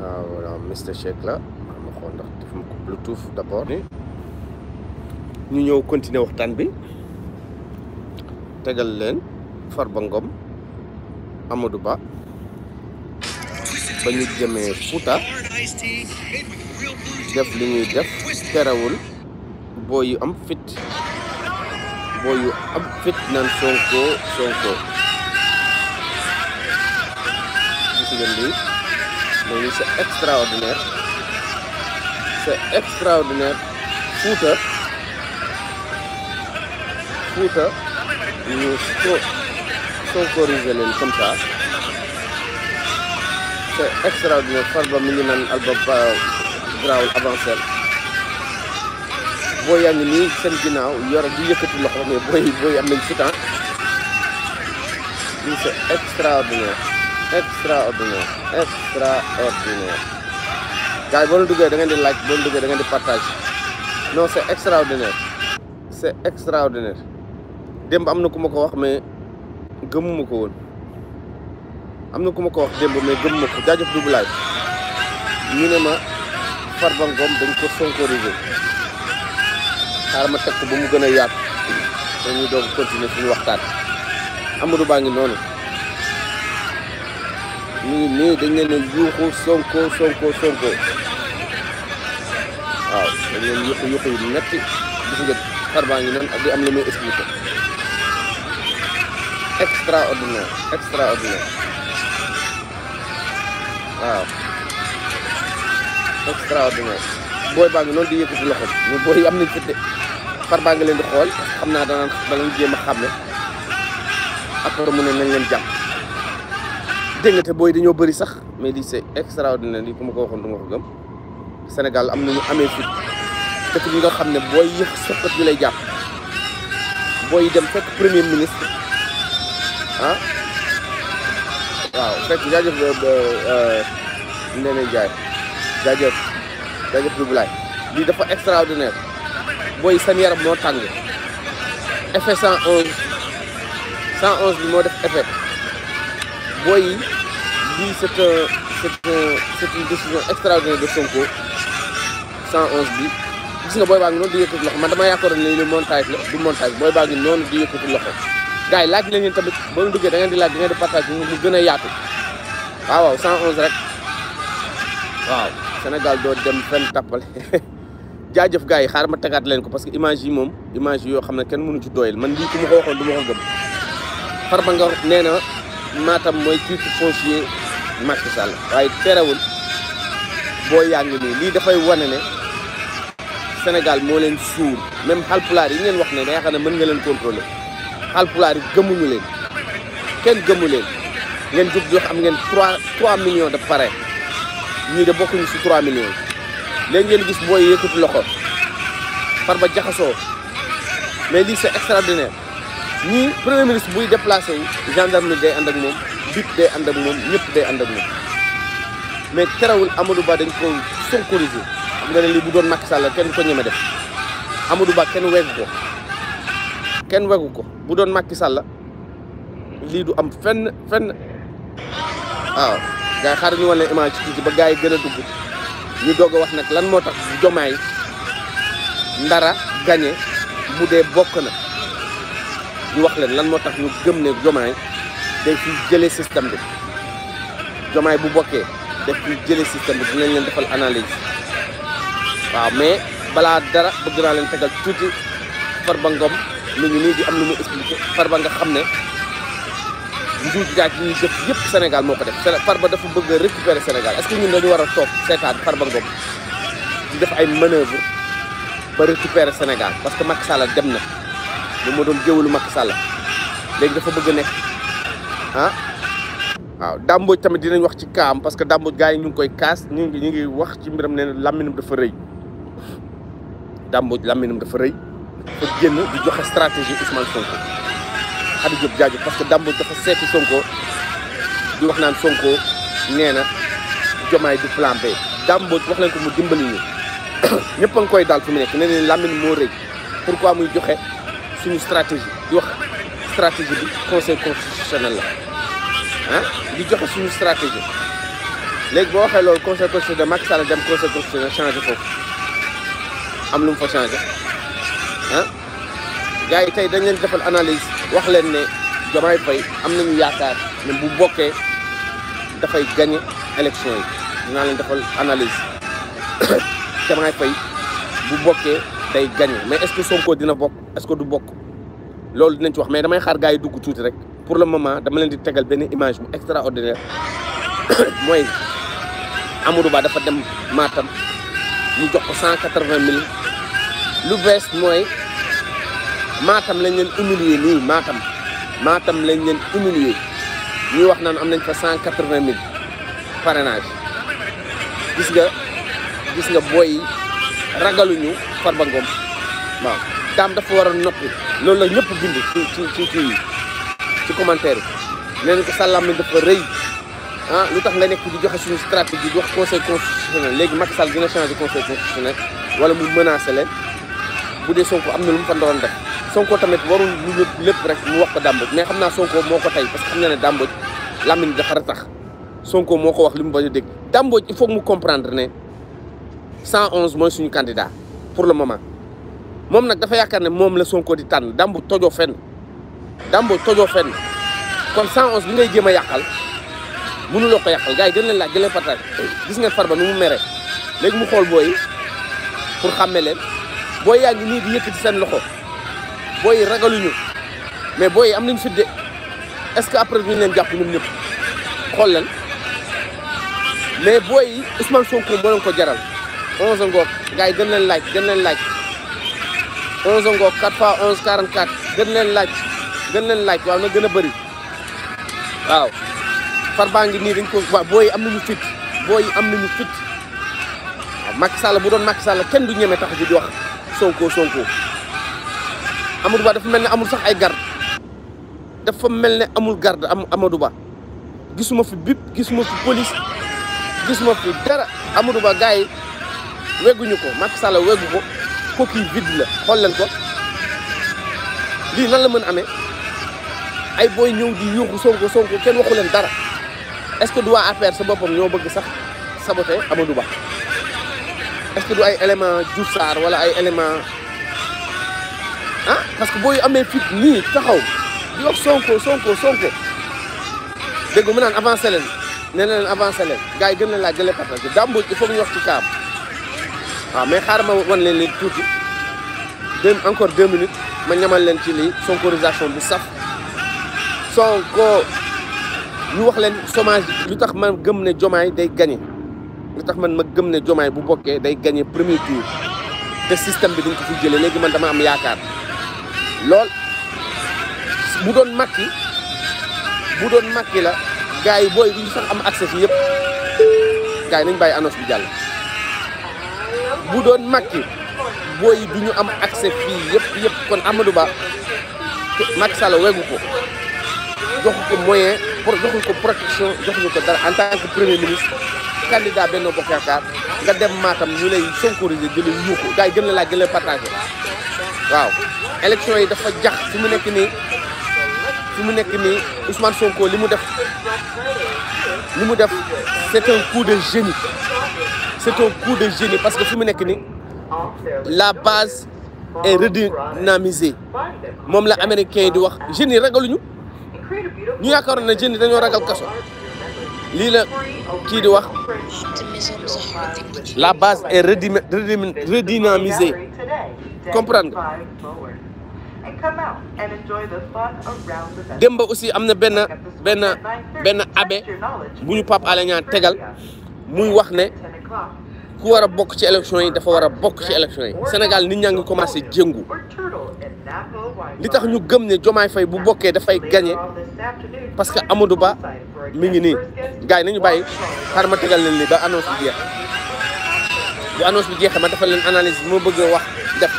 waaw Mister Shake la ma xool ndax def ko bluetooth d' abord ñu ñëw continuer waxtaan bi tegal leen Farba Ngom Amadou Ba ba ñu jëmee Fouta def li ñuy def terewul boo yu am fit boo yu am fit naan Sonko Sonko gis ngeen lii loolu c' est extraordinaire c' est extraordinaire Fouta Fouta ñu so sonkorisé leen comme ça c' est tak. extraordinaire Farba mi albo naan Alba Ba garaawul avancé boo yaa ngi nii seen ginnaaw yore di yëkkati loxo mais booy booy am nañ si temps lii extraordinaire extraordinaire gars yi duggee da ngeen di laaj boo leen duggee da ngeen di partage non c' est extraordinaire c' est extraordinaire démb am na ku ma ko wax mais gëmuma ko woon am na ku ma ko wax démb mais gëmuma ko jaajëf dubulaay ñu ne ma Farba Ngom dañ ko sonkorisé xaaral ma teg ko ba mu gën a yaatu dañuy doog continuer suñu waxtaan Amadou baa ngi noonu ñu nii dañ leen a yuuxu sonko sonko sonko waaw dañ leen yuuxu yuuxu yu metti gis nga xarbaa ngi noonu di am lu muy expliqué extraordinaire extraordinaire waaw extraordinaire booy baa ngi noonu di la loxo ñu booy am nañ fëdde xarbaa ngi leen di xool xam naa danaan danaan jéem a xam ne après mu ne nañ jàpp dégg nga te booy dañoo bëri sax mais li c'est extraordinaire li kuma ko waxon du ma ko gëm Sénégal am nañu amé fi tek bi nga xamné boy booy yëf soppat ñu lay japp boy dem fekk premier ministre ah waaw euh jaajëf euh, jaay Ndiaye jaajëf jaajëf blay li dafa extraordinaire boy seen yaram mo tangé effet 111 111 bi mo def effet boy yi lii c'est un c'est un c'est une de Sonko 111 bi gis na booy baa ngi noonu di yëkkati loxo man dama yaakaaroon ne ni montage la du montage booy baa ngi noonu di yëkkati loxo gars laaj na ngeen tamit boo ñu duggee da ngeen di laaj da di partage bi mu gën a yaatu waaw waaw 111 rek waaw Sénégal doo dem fenn tàppale jaajëf gars yi xaar ma tegaat leen ko parce que image yi moom image yi yoo xam ne kenn mënu ci doyal man lii ku ma ko waxoon du ma ko gëm xar ba nga nee na maatam mooy titre foncier Macky Sall waaye terewul boo yaa ngi nii lii dafay wane ne senegal moo leen suur même xalpulaar yi ngeen wax ne danga xam ne mën nga leen contrôler xalpulaar yi gëmuñu leen kenn gëmu leen ngeen jub jox am ngeen trois trois millions de parrain ñii de bokkuñu si trois léegi ngeen gis booy yëkkati loxo par ba jaxasoo mais lii c'est extraordinaire ñii premier ministre buy déplacé wu gendarme day ànd ak moom bip day ànd ak moom ñëpp day ànd ak moom mais terewul Amadou Ba dañ ko sonkorisé xam nga ne lii bu doon Macky Sall kenn ko ñeme def Amadou Ba kenn wegu ko kenn ko bu doon makki Macky la lii du am fenn fenn waaw gars yi xaaral ñu wane image ci tuuti ba gaa yi gën a dugg ñu doog a wax nag lan moo tax jomaay ndara gañe mu dee bokk na ñu wax leen lan moo tax ñu gëm ne jomaay day fi jëlee système bi jomaay bu bokkee daf fi jëlee système bi dinañ leen defal analyse waaw mais balaa dara bëgg naa leen tegal tuuti Farba Ngom mi ngi nii di am lu mu expliqué Farba nga xam ne njuuj njaaj yi ñuy def yëpp Sénégal moo ko def Farba dafa bëgg a récupérer Sénégal est-ce que ñun dañu war a toog seetaan Farba Ngom di def ay manœuvre ba récupérer Sénégal parce que Macky Sall dem na moom moo doon géwalu ma Sall léegi dafa bëgg a nekk ah waaw dàmbooj tamit dinañ wax ci kaam parce que dàmbooj gaa yi ñu ngi koy kaas ñu ngi ñu ngi wax ci mbiram ne làmminam dafa rëy dàmbooj làmminam dafa rëy fa génn di joxe stratégie Ousmane Sonko Khady parce que dàmbooj dafa seeti Sonko di wax naan Sonko nee na jomaay du plan B dàmbooj wax leen ko mu dimbali ñu ñëpp a koy daal fi mu nekk ne leen làmmin moo rëy pourquoi muy joxe suñu stratégie di wax stratégie bi conseil constitutionnel la ah di joxe suñu stratégie léegi boo waxee loolu conseil constitutionnel Macky Sall dem conseil constitutionnel changé foofu am lu mu fa changé ah gars yi tey dañ leen defal analyse wax leen ne Diomaye Faye am na ñu yaakaar ne bu bokkee dafay gagné élection yi dinaa leen defal analyse Diomaye Faye bu bokkee. day gan mais est-ce que Sonko dina bokk est-ce que du bokk loolu dinañ ci wax mais damay xaar gars yi dugg tuuti rek pour le moment dama leen di tegal benn image bu extraordinaire mooy Amadou Ba dafa dem Matam ñu jox ko cent quatre-vingt mille lu bees mooy Matam lañ leen humilier nii maatam Matam lañ leen humilier ñuy wax naa naan am nañ fa cent quatre-vingt mille parrainage gis nga gis nga booy ragaluñu Farba Ngom waaw daam dafa war a noppi loolu la ñëpp bind ci ci ci ci ci commentaire yi nee nañ ko sàllaam mi dafa rëy ah, lu tax nga nekk di joxe suñu stratégie di wax conseil constitutionnel léegi Macky Sall dina changé conseil constitutionnel wala mu menacé leen bu dee Sonko am na lu mu fa doon def Sonko tamit warul lu ñëpp lépp rek mu wax ko Dame mais xam naa Sonko moo ko tey parce que xam na ne Dame Mbodj Lamine dafa ratax Sonko moo ko wax li mu bañ a dégg Dame Mbodj il mu comprendre ne. 111 mooy suñu candidat pour le moment Mom nak dafa yaakaar mom moom la Sonko di tan dambu tojo fenn dambu tojo fenn kon 111 bi ngay jéem yakal yàqal mënuloo ko yàqal gars yi gën leen laaj gën leen partage gis nga Farba nu mu mere léegi mu xol boy pour xàmme leen booy yaa ngi di yëkkati sen loxo boy yi ragaluñu mais boy am nañu fit de est ce que après ñu leen japp ñoom ñep xol leen mais boy yi Ousmane Sonko mo leen ko jaral. onze ngoog gaa yi gën leen laaj gën leen laaj onze ngoog quatre fois onze quarante quatre gën leen laaj gën leen laaj waaw na gën a bëri waaw Farba ngi nii dañ ko waaw booy am ñu fit booy am nañu fit waaw Macky Sall bu doon Macky Sall kenn du ñeme tax ji di wax Sonko Sonko Amadou dafa mel ne amul sax ay garde dafa mel ne amul garde am Amadou Ba gisuma fi bip gisuma fi police gisuma fi dara Amadou Ba yi wegguñu ko Macky Sall weggu ko coquille vide la xool leen ko lii nan la mën amee ay booy ñëw di yuuxu Sonko Sonko kenn waxu leen dara est-ce que du waa APR sa boppam ñoo bëgg sax saboté Amadou Ba est-ce que du ay élément Diouf Sarr wala ay élément ah parce que booy amee fit nii taxaw di wax Sonko Sonko Sonko dégg mu naan avancé leen nee na leen avancé leen gars yi gën na laa gën a partagé dàmbuj il faut ñu wax ci kaam waaw mais xaaral ma wan leen lii tuuti deux encore deux minutes ma ñamal leen ci lii sonkorisation bu saf sonko ñu wax leen chômage lu tax man gëm ne jomaay day gagné lu tax man ma gëm ne jomaay bu bokkee day gañe premier tour te système bi duñ ko fi jëlee léegi man dama am yaakaar lool bu doon makki bu doon makki la gars yi booy duñ sax am accès fi yëpp gars nañ bàyyi annonce bi jàll bu doon Macky booy yi du ñu am accès fii yëpp yëpp kon Amadou Ba Macky Sall ko joxu ko moyen pour joxuñu ko protection joxuñu ko dara en tant que premier ministre candidat Benno Bokk Yaakaar nga dem Matam ñu lay sonkoriser gën a yuuxu gars gën a laa gën a partagé waaw élection yi dafa jax fi mu nekk nii fi mu nekk nii Ousmane Sonko li mu def li mu def c'est un coup de génie c'est un coup de génie parce que fi mu ni la base est redynamisée Mom la américain di wax génie yi ragaluñu ñu yaakaaroon na génie dañu ragal kasso li la ki di wax la base est redynamisée comprendre demba aussi amna ben ben ben benn abbé bu ñu Pape tegal muy wax né ku wara bok ci election yi dafa wara bok ci election yi senegal nit ñang commencé jengu li tax ñu gëm ne jomay Fay bu da fay gagner parce que Amadou Ba mi ngi ni gaay nañu bayyi xaar ma tegal leen li ba annonce bi jeex bu annonce bi jeex ma dafa leen analyse mo bëgg wax def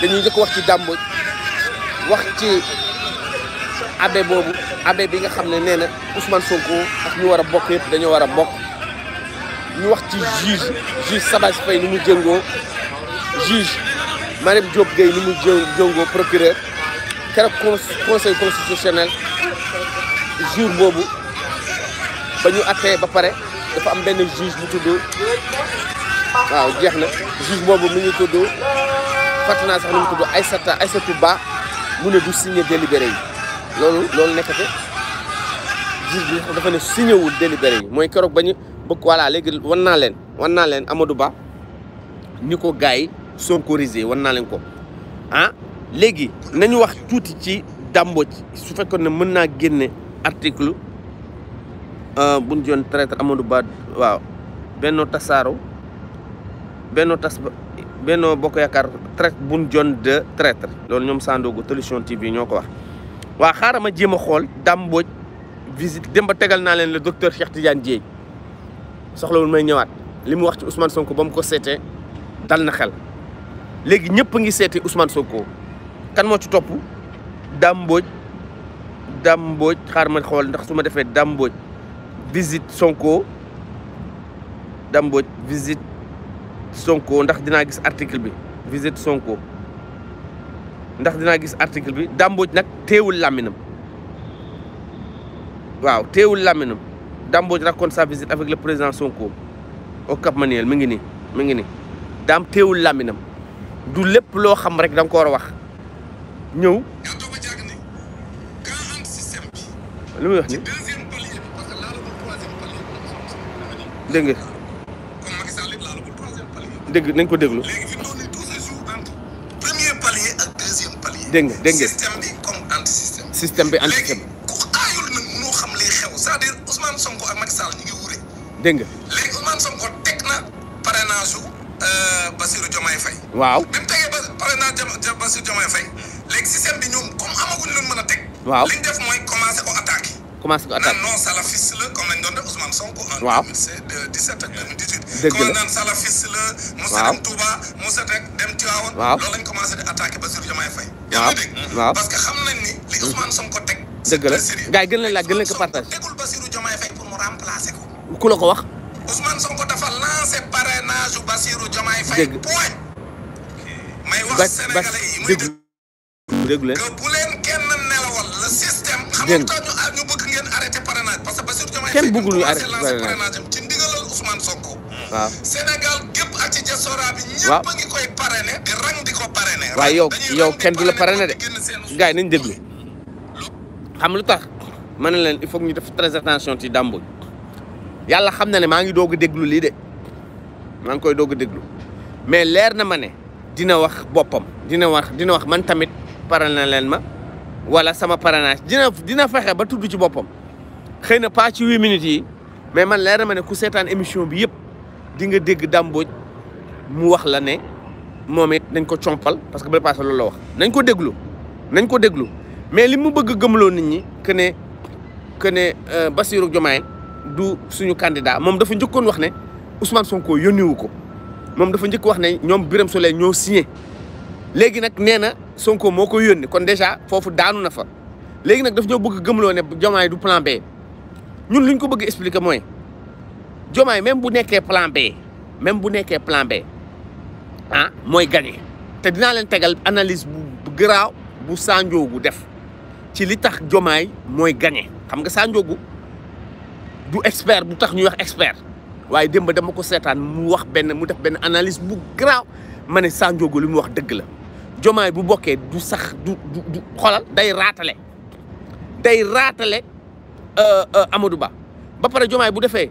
dañuy jëk wax ci Dàmbo wax ci abbé bobu abbé bi nga xamné néna Ousmane Sonko ak ñu wara bokk ñu wax ci juge juge Sabassy Faye ni mu jëngoo juge Mariam Diop Gueye ni mu jëngoo procureur keroog conseil constitutionnel jour boobu ba ñu attee ba pare dafa am benn juge bu tudd waaw jeex na juge boobu mi ngi tudd fàtte naa sax Ba mu ne du signé délibéré yi loolu loolu nekkate juge bi dafa ne signé wul délibéré yi mooy keroog ba bëgg voilà léegi wan naa leen wan naa leen Amadou Ba ni ko gars yi sonkorisé wan naa leen ko ah léegi nañu wax tuuti ci dàmbo su fekkoon ne mën naa génne article euh, bu ñu joon traître Amadou waaw Benno Tasaaro Benno tas Benno Bokk Yaakaar traître bu joon de traître loolu ñoom Sandogo télévision TV ñoo ko wax waa xaaral ma jéem a xool dàmbo visite démb tegal naa leen la docteur Cheikh tijaan Dièye soxlawul may ñëwaat li mu wax ci Ousmane Sonko ba mu ko seetee dal na xel léegi ñëpp ngi seete Ousmane Sonko kan moo ci topp dàmbóoj Mbodj Dame xaar ma xool ndax su ma defee Dame Mbodj visite Sonko Dame Mbodj visite Sonko ndax dinaa gis article bi visite Sonko ndax dinaa gis article bi Dame Mbodj nag teewul làmminam waaw teewul làmminam Dame Mbodj raconte sa visite avec le président Sonko au Cap Manuel mi ngi nii mi ngi nii daam teewul làmminam du lépp loo xam rek da ko war a wax ñëw. lu muy wax dégg nga dégg nañ ko déglu dégg nga dégg système bi anti système. c'est-à-dire Ousmane Sonko ak Macky Sall ñu ngi wuure. dégg nga léegi Ousmane Sonko teg na parrainage su euh, Bassirou Diomaye Faye. waaw bi mu tegee parrainage Bassirou Diomaye Faye léegi système bi ñoom comme amaguñ leen mën a teg. waaw li ñu def mooy commencé ko attaqué. commencé ko attaqué naan non salafiste la comme lañ doon def Ousmane Sonko. waaw en 2017 ak 2018. dëgg la comme naan salafiste la. waaw Moussa dem Touba Moussa dem Tivaouane. waaw loolu lañ commencé di attaqué Bassirou Diomaye Faye. waaw waaw yaa ngi dégg parce que xam nañ ni li Ousmane Sonko teg. dëgg la gars yi gën leen laaj gën leen ko partage. tegul Bassirou Diomaye Faye pour mu remplacer ko. ku la ko wax. Ousmane Sonko dafa lancé parrainage u Bassirou Diomaye Faye. dëgg point. may wax sénégalais yi muy dëgg leen que bu leen kenn nelawal le système. dégg nga xam ah, ñu bëgg ngeen arrêté parrainage parce que Bassirou Diomaye Faye. kenn bëggul ñu arrêté parrainage am ci ndigalal Ousmane Sonko. waaw Sénégal gépp ak ci diaspora bi. waaw ñëpp a ngi koy parrainé. di rang di ko parrainé. waaw yow yow kenn du la parrainé de gars yi nañ déglu. xam lu tax ma leen il faut ñu def très attention ci Dame yàlla xam na ne maa ngi doog a déglu lii de maa ngi koy doog a déglu mais leer na ma ne dina wax boppam dina wax dina wax man tamit paral na leen ma wala sama parrainage dina dina fexe ba tudd ci boppam xëy na pas ci huit minutes yi mais man leer na ma ne ku seetaan émission bi yëpp di nga dégg Dame mu wax la ne moom it nañ ko compal parce que ba passé loolu la wax nañ ko déglu nañ ko déglu. mais li mu bëgg gëmloo nit ñi que ne que ne euh, Bassirou Diomaye du suñu kandidaa moom dafa njëkkoon wax ne Ousmane Sonko yónniwu ko moom dafa njëkk wax ne ñoom biram Souleye ñoo signé léegi nag nee na Sonko moo ko yónni kon déjà foofu daanu na fa léegi nag daf ñoo bëgg gëmloo ne Diomaye du plan B ñun luñ ko bëgg expliquer mooy Diomaye même bu nekkee plan B même bu nekkee plan B ah mooy gagné te dinaa leen tegal analyse bu garaaw bu Sandiogou def ci li tax jomaay mooy gagné xam nga saa njógu du expert bu tax ñuy wax expert waaye démb dama ko seetaan mu wax benn mu def benn analyse bu graaw ma ne saa njógu li mu wax dëgg la jomaay bu bokkee du sax du du du day raatale day raatale euh, euh, amadu Ba ba pare jomaay bu defee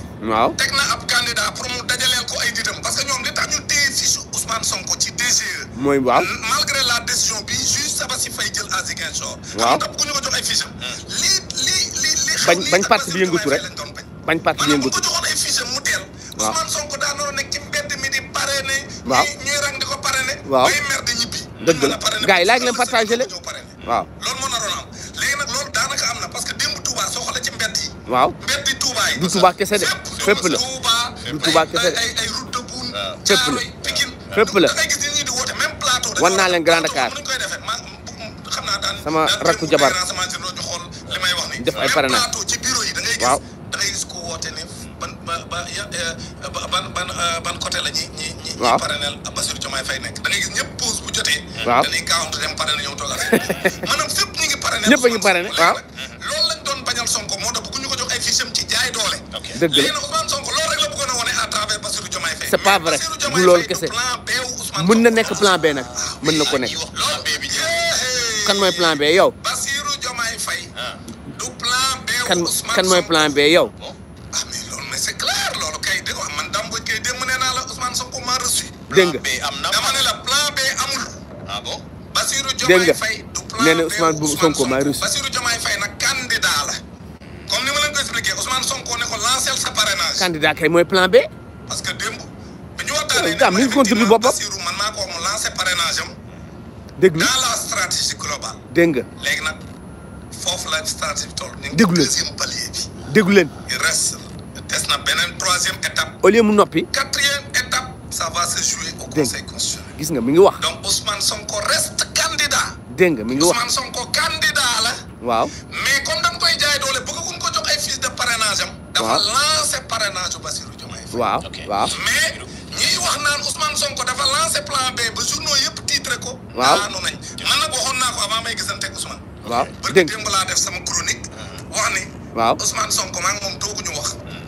waaw teg na ab candidat pour mu dajaleel ko ay nitam parce que ñoom li tax ñu téye fiche Ousmane Sonko ci DGE. mooy waaw malgré la décision bi juge Sabassi Faye jël à Ziguinchor. Wow. tax ku ñu ko jox ay fiche am. Hmm. lii lii lii lii xam bañ bañ parti bi yëngatu rek bañ parti bi yëngatu. maanaam bu ko joxoon ay fiche am mu teel. waaw Ousmane Sonko daa noonu nekk ci mbedd mi di parrainé. Wow. ñuy ñuy rang di ko parrainé. waaw bay mer di ñibbi. dëgg la gars yi laaj leen partagé Wow. waaw. loolu moo naroon am léegi nag loolu daanaka am na parce que démb Touba soo xoolee ci mbedd yi. Wow. mbedd yi Touba yi. du Touba kese de. fépp la du Touba kese fépp la fépp la wan naa leen Grand Dakar sama rakku jabar def ay parrainage waaw. ban ban euh, ban côté la ñi ñi ñi ñi parrainel Bassirou Diomaye Faye waaw. dëgg la c' est pas vrai du loolu kese mën na nekk plan B nag ah, mën na ko nekk kan mooy plan B yow ah. kan plan B yow. Ah, dégg nga dégg nga nee na Ousmane Sonko candidat é mooy plan B. parce que démb bi ñu waxtaanee. daal mi ngi contribué boppam man parrainage dans la stratégie globale. dégg nga léegi nag stratégie toll. déglu leen deuxième palier bi. il reste des na beneen troisième étape. au lieu mu noppi. quatrième étape ça va se jouer au conseil constitutionnel. gis nga mi ngi wax. donc Ousmane Sonko reste candidat. dégg nga mi ngi wax Ousmane Sonko candidat la. waaw mais comme dañ koy jaay doole bëgguñ ko jox de parrainage am. dafa lan. waaw waaw mais ñiy wax naan Ousmane Sonko dafa lancé plan B ba journaux yëpp titre ko. waaw man nag waxoon naa ko avant may gisante ak Ousmane. waaw dégg nga démb laa def sama chronique. Mm. wax waaw Ousmane Sonko maa ngi moom wax. Mm.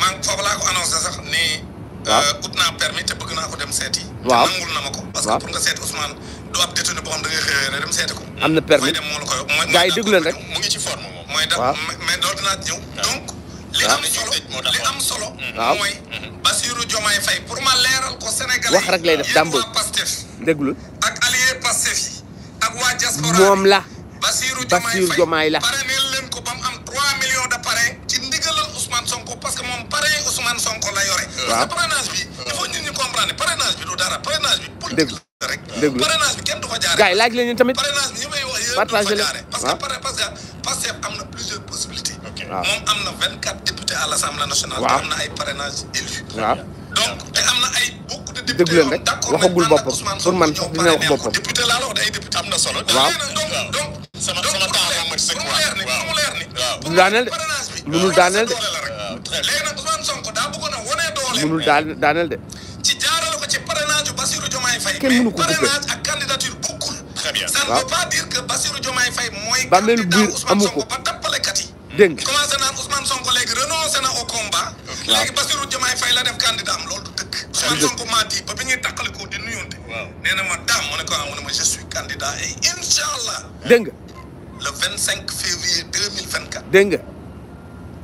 maa ngi foofu ko annoncé sax ni. Euh, ut naa permis te bëgg naa ko dem seeti. waaw te nangul na ma ko. parce que pour nga seeti Ousmane du ab détenu boo xam da dem seeti ko. am na permis mooy koy. gaa yi rek mu ngi ci forme moom. mooy def mais loolu dinaa wax rek lay def dàmb deglu ak allié Pastef ak wa diaspora mom la Bassirou jomay la parrainel len ko bam am 3 millions de parrain ci ndigalal Ousmane Sonko parce que mom parrain Ousmane Sonko la yoré parce que parrainage bi il faut nit ñi comprendre parrainage bi du dara parrainage bi politique la rek parrainage bi kenn du fa jaare gay yi laaj leen tamit parrainage bi ñu may wax yéen du fa parce que parce que Pastef am plusieurs waaw te am na ay parrainage na ay beaucoup de députés. déglu leen man dina wax boppam. député laa la wax ay député am na solo. waaw donc donc. sama sama waaw waaw mu leer ni de. léegi nag Ousmane Sonko daa doole. munul daaneel de. ci jaarale ko ci parrainage Bassirou Diomaye Faye. kenn mënu ko buggee mais parrainage ak candidature bokkul. dégg nga commencé naan Ousmane Sonko léegi renoncé na au combat. léegi Bassirou Diomaye Faye la def candidat am loolu du dëkk. Ousmane Sonko maa di ba bi ñuy tàqalikoo di nuyonte. waaw nee na ma daam mu ne ko ah mu ne ma je suis candidat et incha allah. dégg nga le vingt cinq février deux mille vingt quatre. dégg nga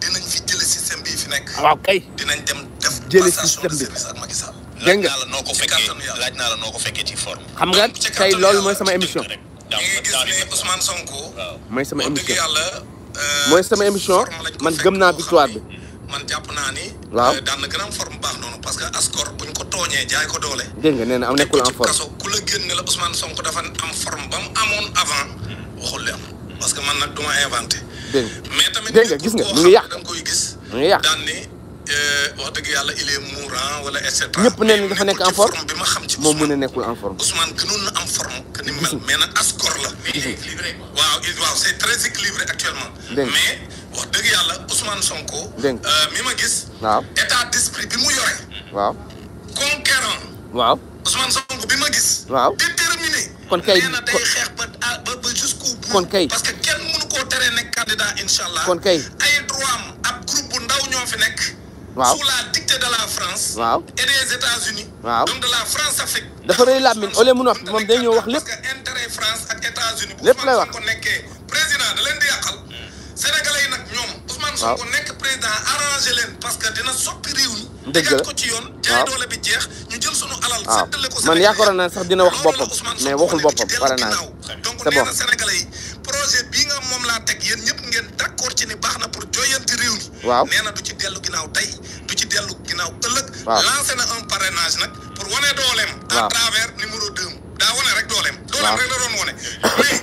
dinañ fi jëlee système bii fi nekk. waaw kay dinañ dem def. jëlee système bi passation de service ak Macky Sall. dégg nga laaj naa la noo ko fekkee laaj naa la noo ko fekkee ci forme. xam nga tey loolu mooy sama émission. da nga gis ne Ousmane Sonko. mooy sama émission dëgg yàlla Euh, mooy sama émission man gëm naa victoire bi. man jàpp naa ni. waaw euh, daan na gën a am forme baax noonu parce que Ascor buñ ko tooñee jaay ko doole. dégg nga nee na am nekkul en forme kaso ku la génne la Ousmane Sonko dafa am forme ba amoon avant waxul li parce que man nag du ma inventé. dégg nga mais gis nga mu ngi yàq da koy gis. mu ngi yàq Eh, wax deug yalla il est mourant wala et cetera ñepp neen dafa nek en forme mo meuna nekul en forme Ousmane gënon na am forme que ni mel mais ascor la équilibré waaw il waaw c'est très équilibré actuellement mais wax deug yalla Ousmane Sonko euh mi ma gis waaw état d'esprit bi mu yoré waaw conquérant waaw Ousmane Sonko bi ma gis waaw déterminé kon kay ah, kon kay parce que kenn mënu ko téré nek candidat inshallah kon kay ay droit am ab groupe bu ndaw ñoo fi nek waaw sous la dictée de la France. et des États-Unis. donc de la France Afrique. dafa rëy làmmiñ au lieu mu noppi wax parce que intérêt France et États-Unis. Pour le wax bu ko président De leen di hmm. Sénégalais waaw nekk président arrangé leen parce que dina soppi réew mi. dëgg la ko ci yoon. jaay doole bi jeex ñu jël sunu alal. séddale ko man yaakaaroon na sax dina wax boppam mais waxul boppam pare naa donc nee na sénégalais yi projet bii nga moom laa teg yéen ñëpp ngeen d' accord ci ni baax na pour jooyanti réew mi. waaw nee na du ci dellu ginnaaw tey du ci dellu ginnaaw ëllëg. waaw lancé na un parrainage nag pour wane dooleem. a travers numéro 2 daa wane rek dooleem. dooleem rek la doon wane.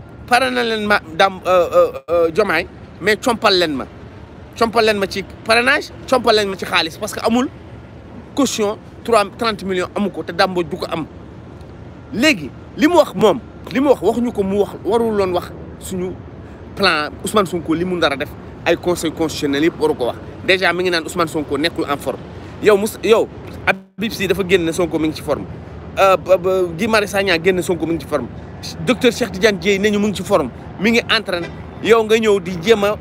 pare na leen ma dam jomaay euh, euh, euh, mais compal leen ma compal leen ma ci parrainage compal leen ma ci xaalis parce que amul caution trois trente millions amu ko te dàmbo du ko am léegi li mu wax moom li mu wax waxuñu ko mu wax warul loon wax suñu plan Ousmane Sonko li mu nar def ay conseil constitutionnel yëpp waru ko wax déjà mi ngi naan Ousmane sonkoo nekkul en forme yow mus yow a Habib Sy dafa génn Sonko mi ngi ci forme Guy Marius Sagna génn Sonko mi ngi ci forme docteur Cheikh Tidiane Dièye nañu mu ngi ci form mu ngi entraîné yow nga ñëw di jéem a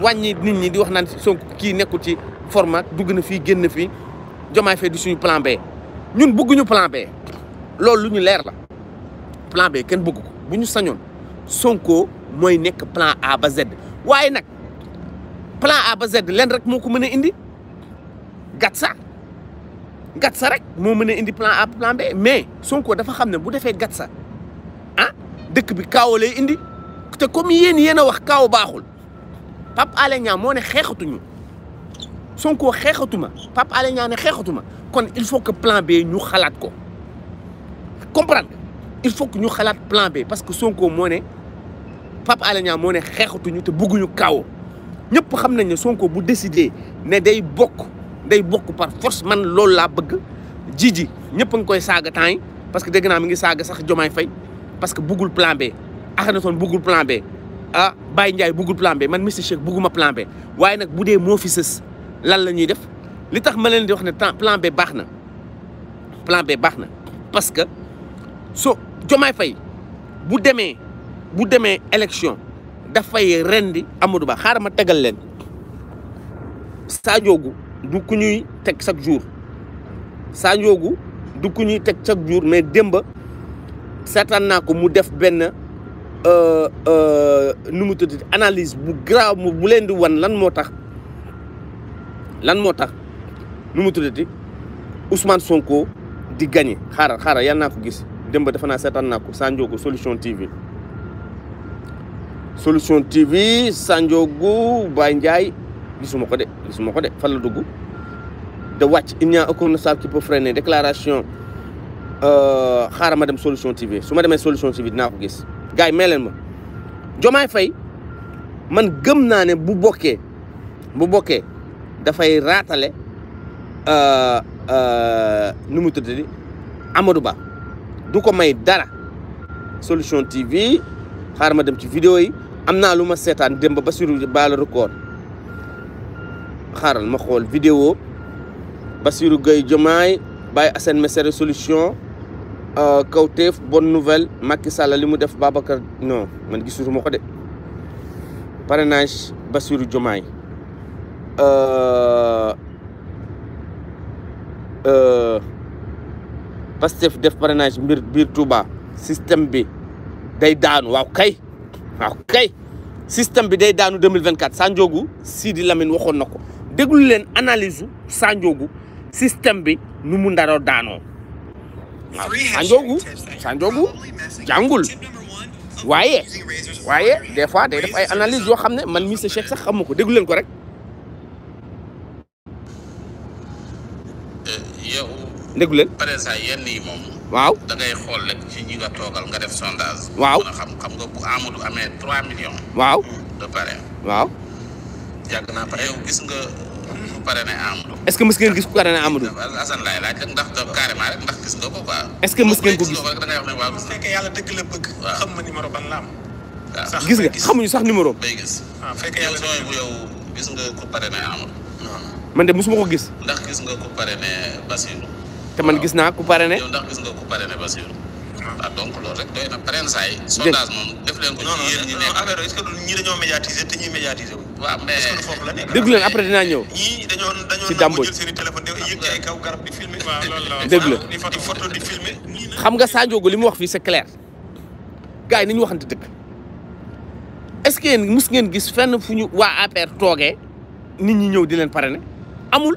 wàññi nit ñi di wax naan sonk kii nekku ci forme ak dugg na fii génn fii jomaay fee du suñu plan B ñun bëgguñu plan B loolu lu ñu leer la plan B kenn bëgg ko bu ñu sañoon Sonko mooy nekk plan A ba Z waaye nag plan A ba Z leen rek moo ko mën a indi gatsa gatsa rek moo mën a indi plan A plan mais Sonko dafa xam ne bu defee gatsa ah dëkk bi kaaw lay indi te comme yéen yéen a wax kaaw baaxul Pape Alé Niang moo ne xeexatuñu Sonko xeexatuma Pape Alé Niang ne xeexatuma kon il faut que plan B ñu xalaat ko comprendre il faut que ñu xalaat plan B parce que sonkoo moo ne Pape Alé Niang moo ne xeexatuñu te bëgguñu kaaw ñëpp xam nañ ne Sonko bu décidé ne day bokk day bokk par force man loolu laa bëgg jiji ñëpp a ngi koy saaga temps parce que dégg naa mi ngi saaga sax Jomaay Fay parce que buggul plan B Akhenaton buggul plan B ah Baye Ndiaye buggul plan B man Mister Shake bugguma plan B waaye nag bu dee moo fi sës lan la ñuy def li tax ma leen di wax ne temps plan B baax na plan baax na parce que soo Diomaye fay bu demee bu demee élection dafay rendi Amadou Ba xaaral ma tegal leen Sadio Gu du ku ñuy teg chaque jour Sadio Gu du ku ñuy teg chaque jour mais démba seetaan na ko mu def euh, euh nu mu tudd analyse bu grave mu len di wan lan motax lan motax tax nu mu tuddati Ousmane Sonko di gagner xara xara gis demba defana naa na ko Solution TV Solution TV sanjogo Baye Ndiaye gisuma ko de gisuma ko de fa la dugg de wacc il n'y a aucun qui peut freiner déclaration. Euh, xaaral dem solution TV su ma solution TV na ko gis gars yi ma Jomaay Fay man gëm naa ne bu bokkee bu bokkee dafay raatale euh, euh, nu mu tuddati Amadou Ba du ko may dara solution TV xaaral ma dem ci vidéo yi am naa lu ma seetaan démb Bassirou Bala record xaaral ma xool vidéo Bassirou Gueye Jomaay Baye Assane Mesere solution Euh, kawteef bon nouvelle Macky Sall li mu def Babacar non man gisutuma ko de parrainage Bassirou Diomaye euh, euh, Pastef def parenage mbir biir Touba système bi day daanu waaw kay waaw kay système bi day daanu 2024 Sandiogou Sidi Lamine waxoon na ko déglu leen analyse Sandiogou système bi nu mu ndaroo daanoo waaw Sanjoogu Sanjoogu jàngul waaye waaye des fois day def ay analyse yoo xam ne man mi se Shake sax xamu ko déglu ko rek. Euh, yow. leen. par exemple yenn yi waaw da xool rek ci ñi nga toogal nga def sondage. waaw xam xam nga bu Amadou amee 3 millions. waaw yàgg naa pare yow gis nga. parrainé Amadou. est-ce que mës ngeen gis ku parrainé Amadou. Assane laay laaj rek ndax carrément rek ndax gis nga ko quoi. est-ce que mës ngeen ko gis da ngay wax ne waaw. fekk yàlla dëgg la bëgg. xam nga numéro ban gis nga xamuñu sax numéro. day gis waaw ah, fekk yàlla dëgg yow gis nga ku parrainé Amadou. man de mosuma ko gis. ndax gis nga ku parrainé Bassirou. te man gis naa ku parrainé. yow ndax gis nga ku parrainé Bassirou. ah donc loolu rek na parensaay. sondage moom def leen ko. ci yéen ñi nekk xam nga Sadio li mu wax fii c'est clair gars yi nañu waxante dëgg est-ce que yéen ngeen gis fenn fu ñu waa APR toogee nit ñi ñëw di leen pare parrainer amul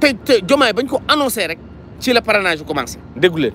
te te jomaay bañ ko annoncé rek ci la parrainage commencé déggu leen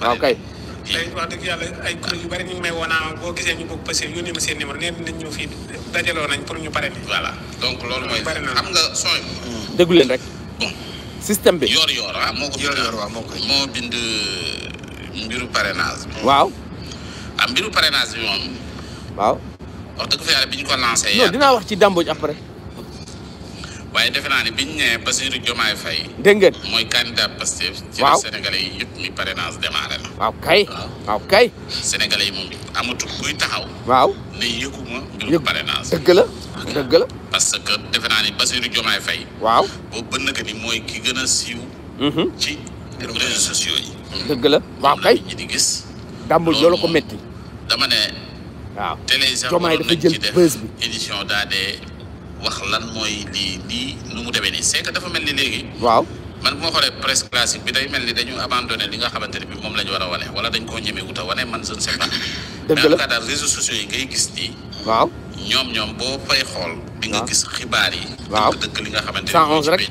waaw ah, kay. tey wax dëgg yàlla ay yu bari ñu ngi may woonaa boo gisee ñu bëgg passé yónnee ma seen numéro nee nañ ñu fii dajaloo nañ pour ñu pare ni voilà donc loolu mooy bari nga sooy hmm. déglu rek bon système bi yoor yoor ah moo ko moo bind euh, mbiru parrainage waaw ah mbiru parrainage bi moom waaw wax bi ñu ko lancé non dinaa wax ci dàmbooj après waaye defe naa ne biñ ne Bassirou Diomaye fay dégg ngeen. mooy candidat Pastef. waaw ci Sénégalais yi yëpp mi parrainage démarré na. waaw kay waaw kay. Sénégalais yi moom amatul taxaw. waaw ne yëguma. mbirum parrainage dëgg dëgg la. parce que defe naa ne Bassirou Diomaye fay waaw boobu ba naka ni mooy ki gën a siiw. Mm-hmm. ci réseaux sociaux yi. dëgg la waaw kay ñi di gis. dàmbul joo la ko métti. dama ne. waaw Jomaay dafa jël bés bi édition daa dee. wax lan moy li li nu mu demee c'est que dafa melni legui waaw man buma xolé presse classique bi day melni dañu abandonné li nga xamanteni bi mom lañu wara war wala dañ ko ñeme wuta a man je ne sais pas. dëgg la mais daal réseaux sociaux yi ngay gis ni waaw ñom ñom bo fay xol bi nga gis xibaar yi. waaw dëgg li nga xamanteni 111 rek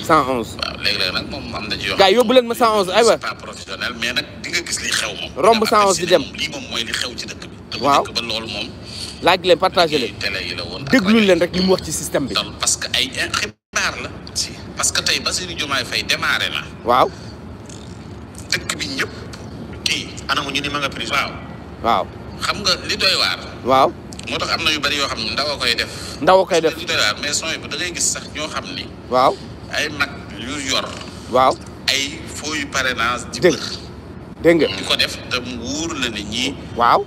111 waaw leg léegi nag moom am na ci yoo gaay yóbbu leen ma 111 ay wa c'est pas professionnel mais nak di nga gis li xew mom romb 111 di dem li mom moy li xew ci dëkk bi waaw dëkk ba lool mom laaj leen partagé leen déglu leen rek li mu wax ci système bi. parce que ay xibaar la. si parce que tey Bassirou Diomaye Faye démarré na. waaw. dëkk bi ñëpp kii anamu ñu ni ma waaw xam nga li doy waar. waaw. moo tax am na yu bari yoo xam ne ndaw koy def. ndaw koy def li doy waar mais sooy bu da gis sax ñoo xam ni. waaw ay mag yu yor. waaw ay faux yu parrainage. di bër dégg di ko def te mu la ne ñii. waaw.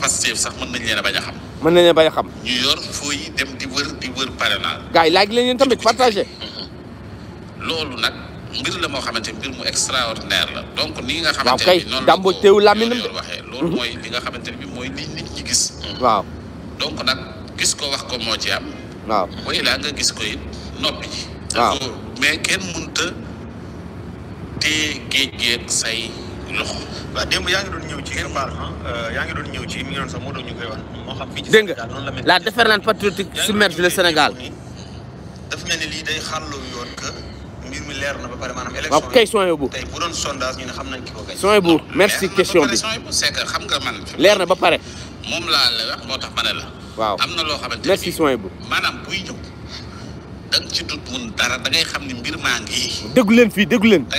Pastef sax mën nañ leen a bañ a xam. mën nañ leen bañ a xam. ñu yor foo yi dem di wër di wër parrainage. gars yi laaj leen yéen tamit partagé. Mm-hmm. loolu nag mbir la moo xamante ni mbir mu extraordinaire la donc ni nga. xamante ne noonu la ko waxee loolu mm-hmm. mooy li nga xamante ne bi mooy li nit ñi gis. Mm-hmm. waaw donc nag gis ko wax ko moo ci am. waaw mooy laa nga gis ko it noppi ji. waaw mais kenn mënut a téye géej géej say. ndox waaw démb yaa ngi doon ñëw ci ngeen baal euh, yaa ngi doon ñëw ci mi ngi doon sax moo doon ñu koy wax moo xam fii ci dégg nga la déferlante patriotique submerge le Sénégal dafa mel ni lii day xàlloo yoon que mbir mi leer na ba pare maanaam élection waaw kay son yo bu tey bu ne xam nañ ki ko gañ son yo xam nga man leer na ba pare moom laa la wax moo tax ma ne la waaw am na loo xamante merci son yo bu maanaam buy jóg da nga ci dut mun dara da xam ni mbir maa ngi déglu leen fii déglu leen da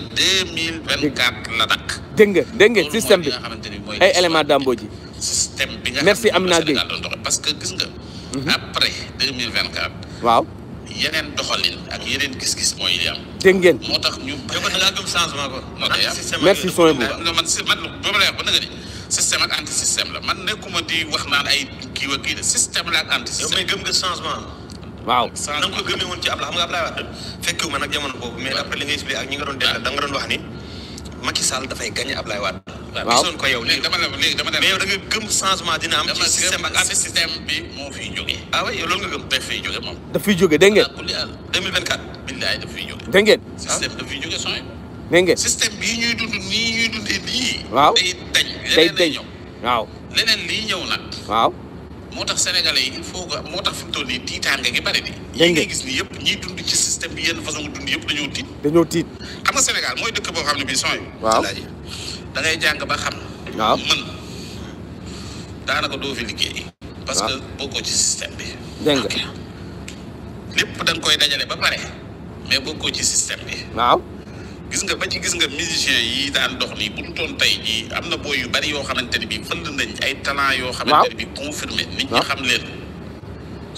ba deux mille vingt quatre la dakk dégg nga dégg nga système bi ay élément dàmboo ji système bi nga merci am naa Guèye parce que gis nga mhm. après deux mille vingt quatre waaw yeneen doxalin ak yeneen gis-gis mooy li am dégg ngeen moo tax ñu ko da ngaa gëm changement ko merci sooy bu man man ba ma lay wax ba nga ni système ak anti système la man nekkuma di wax naan ay kii wa kii la système la ak anti système waaw sans na nga ko gëmee woon ci Ablaye xam nga Ablaye Wade fekkiwu ma nag jamono boobu mais après li nga expliqué ak ñi nga doon dégg da nga doon wax ni Macky Sall dafay gagné Ablaye Wade waaw gisoon ko yow léegi dama la léegi dama la mais yow da nga gëm changement dina am ci système ak affaire système bi moo fiy jógee ah oui yow loolu nga gëm daf fiy jógee moom daf fiy jógee dégg ngeen 2024 billaay daf fiy jógee dégg ngeen système daf fiy jógee sooy dégg ngeen système bii ñuy dund nii ñuy dundee nii waaw day dañ day dañ waaw leneen lii ñëw nag waaw moo tax sénégalais yi il faut que moo tax fi mu toll nii tiitaange gi bari ni yi ngay gis ni yëpp ñiy dund ci système bi yenn façon dund yëpp dañoo tiit dañoo tiit xam nga Sénégal mooy dëkk boo xam ne bii son yi waaw da ngay jàng ba xam waaw mën daanaka doo fi liggéey parce que bokkoo ci système bi dégg nga lépp koy dajale ba pare mais bokkoo ci système bi waaw gis nga ba ci gis nga musiciens yi daan dox nii bu ñu doon tey jii am na booy yu bari yoo xamante ni bii fënd nañ ay talent yoo xamante ne bii confirmé xam leen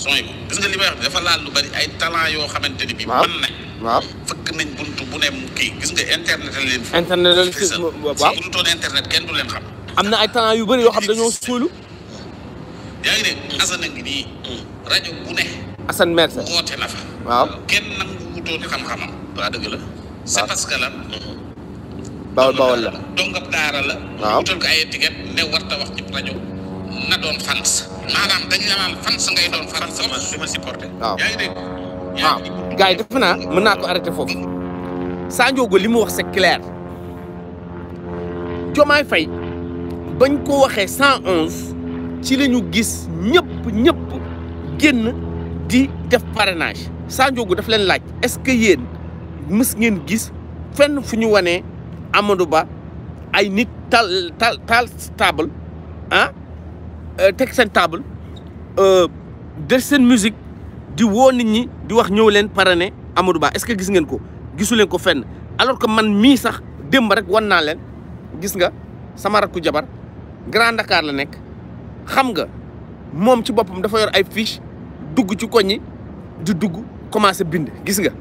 son yi gis nga li dafa laal lu bari ay talent yoo xamante ne bii mën nañ waaw fëkk nañ bunt bu ne kii gis nga internet la leen internet la leen bu ñu doon internet kenn du leen xam am na ay talent yu bari yoo xam dañoo suulu yaa ngi dégg Assane a ngi nii hmm. rajo bu ne Assane Merse na fa waaw kenn nangu wutoon xam-xamam waa dëgg la c'est parce que la bawal bawal la dongab daara la wutal ko ay étiquette ne warta wax ci rajo na doon fans ngay doon faral sama si ma waaw yaa yi defe naa mën naa ko arrêté foofu Sa Ndiogou li mu wax c'est clair Diomaye Faye bañ ko waxee cent onze ci la ñu gis ñëpp ñëpp génn di def parrainage Sa Ndiogou daf leen laaj est-ce que yéen mës ngeen gis fenn fu ñu wanee Amadou Ba ay nit tal tal tal table ah euh, teg seen table euh, def seen musique di woo nit ñi di wax ñëw leen parrainer Amadou Ba est que gis ngeen ko gisuleen ko fenn alors que man mii sax démb rek wan naa leen gis nga sama rakku jabar Grand Dakar la nekk xam nga moom ci boppam dafa yor ay fiche dugg ci koñ yi di dugg commencé bind gis nga.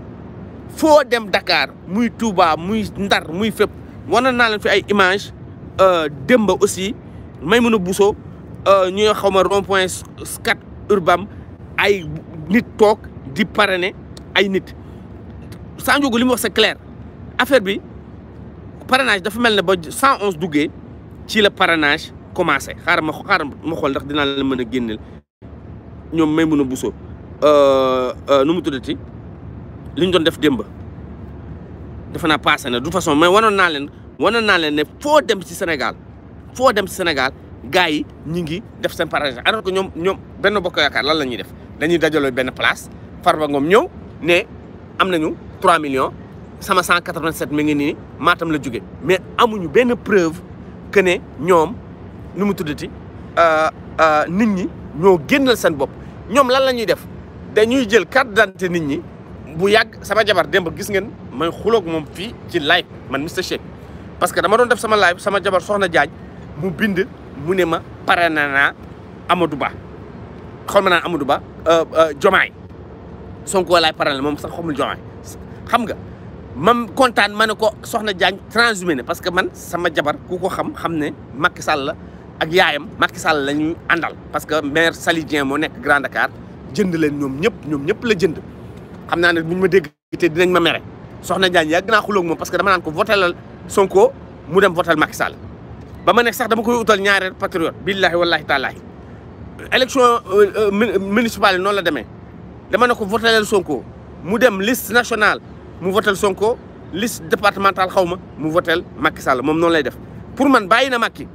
foo dem Dakar muy Touba muy Ndar muy fépp wane naa leen fi ay image euh, demba aussi Maimouna Bousso euh, ñu nga xaw ma rond point 4 Urbam ay nit tok di parrainer ay nit Sandiogou li mu wax c'est clair affaire bi parrainage dafa melne ba 111 duggé ci le parrainage commencé xaar ma xaar ma xool ndax dinaa la mën ñom génneel Bousso euh euh nu mu tuddati li ñu doon def démb defe naa passé na du façon mais wanoon naa leen wanoon naa leen ne foo dem ci Sénégal foo dem ci Sénégal gars yi ñu ngi def seen parrainage alors que ñoom ñoom benn bokk yaakaar lan la ñuy def dañuy dajaloo benn place Farba Ngom ñëw ne am nañu 3 millions sama 187 mi ngi nii maatam la jóge mais amuñu benn preuve que ne ñoom nu mu tuddati euh, euh, nit ñi ñoo génnal seen bopp ñoom lan la ñuy def dañuy jël carte d'identité nit ñi. bu yàgg sama jabar dem démb gis ngeen may xuloog moom fii ci live man Mister Shake parce que dama doon def sama live sama jabar soxna Diagne mu bind mu ne ma pare na naa Amadou Ba xaw ma naan Amadou Ba Jomaay euh, euh, Sonko laay pare na moom sax xamul Jomaay xam nga man kontaan ma ne ko soxna Diagne transhumé ne parce que man sama jabar ku ko xam xam ne Macky Sall la ak yaayam Macky Sall la ñuy àndal parce que maire Sali Dieng moo nekk Grand Dakar jënd leen ñoom ñëpp ñoom ñëpp la jënd xam naa ne buñ ma dégg te dinañ ma mere soxna Diagne yàgg naa xulóog moom parce que dama naan ko votelal Sonko mu dem votel Macky Sall ba ma ne sax dama koy utal ñaareel patriote billahi wallahi taalaahi élection euh, euh, municipale yi noonu la demee dama ne ko votelal Sonko mu dem liste nationale mu votel Sonko liste départementale xaw ma mu votel Macky Sall moom noonu lay def pour man bàyyi na Macky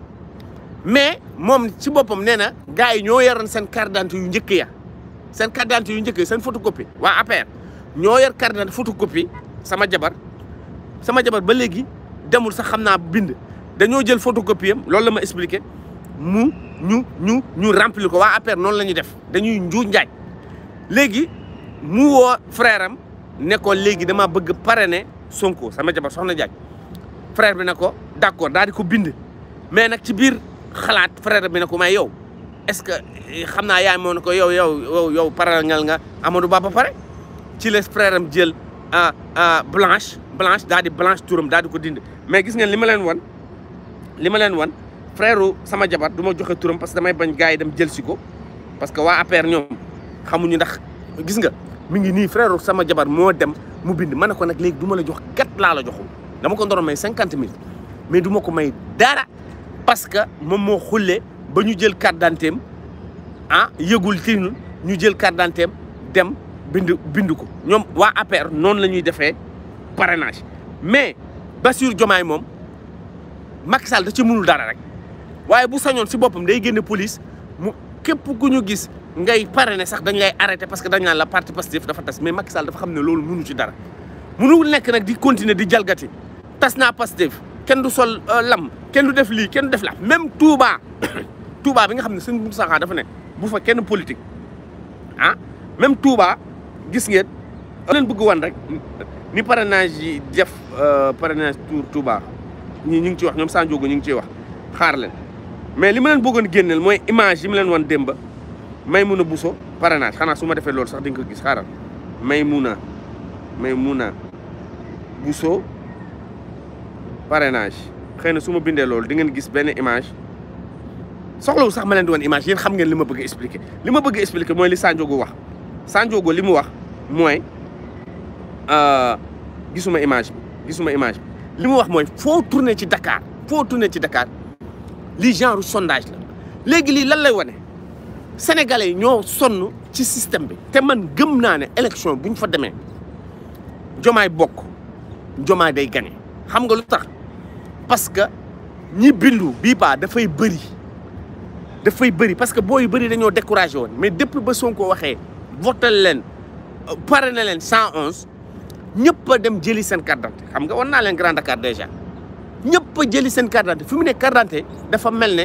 mais moom ci boppam nee na gars yi ñoo yaroon seen carte d'identité yu njëkk ya seen carte yu njëkk ya seen photocopie waa APR ñoo yor carnet photocopie sama jabar sama jabar ba léegi demul sax xamna bind dañu jël photocopie am loolu la ma mu ñu ñu ñu remplir ko wa aper non lañu def dañuy njuuj njaaj léegi mu wo frère am ne ko léegi dama bëgg parrainer Sonko sama jabar soxna jaj frère bi ne ko ku dal di ko bind mais nak ci bir xalaat frère bi ne ko may yow est ce que eh, xamna yaay mo ne ko yow yow yow yow nga Amadou baba pare. ci les frères am jël euh, euh, blanche blanche daal di blanche turam daal di ko dindi mais gis ngeen li ma leen wan li ma leen wan frère sama jabar du joxe turam parce que damay bañ gaay yi dem jël si ko parce que waa APR ñoom xamuñu ndax gis nga mu ngi nii frère sama jabar moo dem mu bind ma ne ko nag léegi du ma la jox kat laa la joxul dama ko ndoroon may cinquante mille mais duma ko may dara parce que moom moo xullee ba ñu jël carte d'identité ah yëgul nu ñu jël carte d'identité dem bind bind ko ñoom APR non lañuy défé defee parrainage mais Bassirou Diomaye mom Macky Sall da ci mënul dara rek waye bu sañon ci boppam day génne police mu képp ku ñu gis ngay parrainer sax dañ lay arrêté parce que dañ naan la parti passif dafa tass mais Macky Sall dafa xamné ne loolu mënu ci dara mënul nek nak di continuer di jalgati tass na passif kenn du sol euh, lam kenn du def li kenn du def la même Touba Touba bi nga xamné ne sëñ Moussa dafa ne bu fa kenn politique hein même Touba. gis ngeen leen bëgg wan rek ni parrainage yi def euh, parrainage Tour Touba ñi ñu ngi ciy wax ñoom Sanjogo ñu ngi ciy wax xaar leen mais li ma leen bëggoon génneel moy image yi ma leen won demba maymuna Bousso parrainage xana suma defé lool sax di nga gis xaaral maymuna maymuna Bousso parrainage xeyna suma bindé lool di ngeen gis ben image soxlawu sax ma leen di won image yeen xam ngeen lima bëgg expliquer lima bëgg expliquer moy li Sanjogo wax Sanjogo li mu wax mooy euh, gisuma image gisuma image bi li mu wax mooy foo tourné ci Dakar foo tourné ci Dakar lii genre sondage la léegi lii lan lay wane sénégalais yi ñoo sonn ci système bi te man gëm naa ne élection bu ñu fa demee jomaay bokk jomaay day gane xam nga lu tax parce que ñi bindu bii paa dafay bëri dafay bëri parce que booy bëri dañoo découragé woon mais depuis ba Sonko waxee votel len pare na leen 111 ñepp dem jëli sen carte d'identité xam nga war na len Grand Dakar déjà ñepp jëli sen carte d'identité fi mu ne carte d'identité dafa mel ne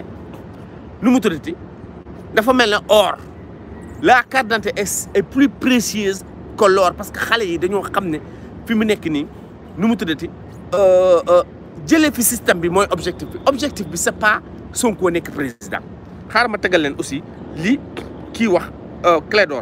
nu mu tuddati dafa mel or la carte d'identité est plus précieuse que l'or parce que xalé yi dañu xamné ne fi mu nekk nii nu mu tuddati euh, euh, jëlee fi système bi moy objectif bi objectif bi c'est pas son ko nek président xaaral ma tegal leen aussi li ki wax euh clé d'or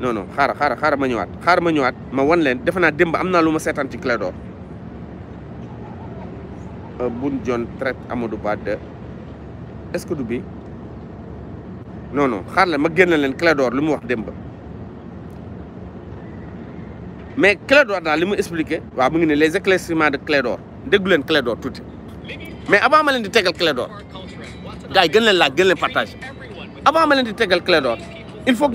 non non xaaral xaaral ma ñëwaat xaaral ma ñëwaat ma wan leen defe naa am naa lu ma seetaan ci Clédor euh, Boun Dionne traite Amadou Ba de est-ce que du bi non non xaar leen ma génne leen Clédor lu mu wax démb mais Clédor daal li mu expliqué waaw mu ngi ne les éclaircissements de Clédor déggu leen Clédor tuuti mais avant ma di tegal Clédor gars yi gën leen laaj gën leen partage avant ma di tegal Clédor il faut que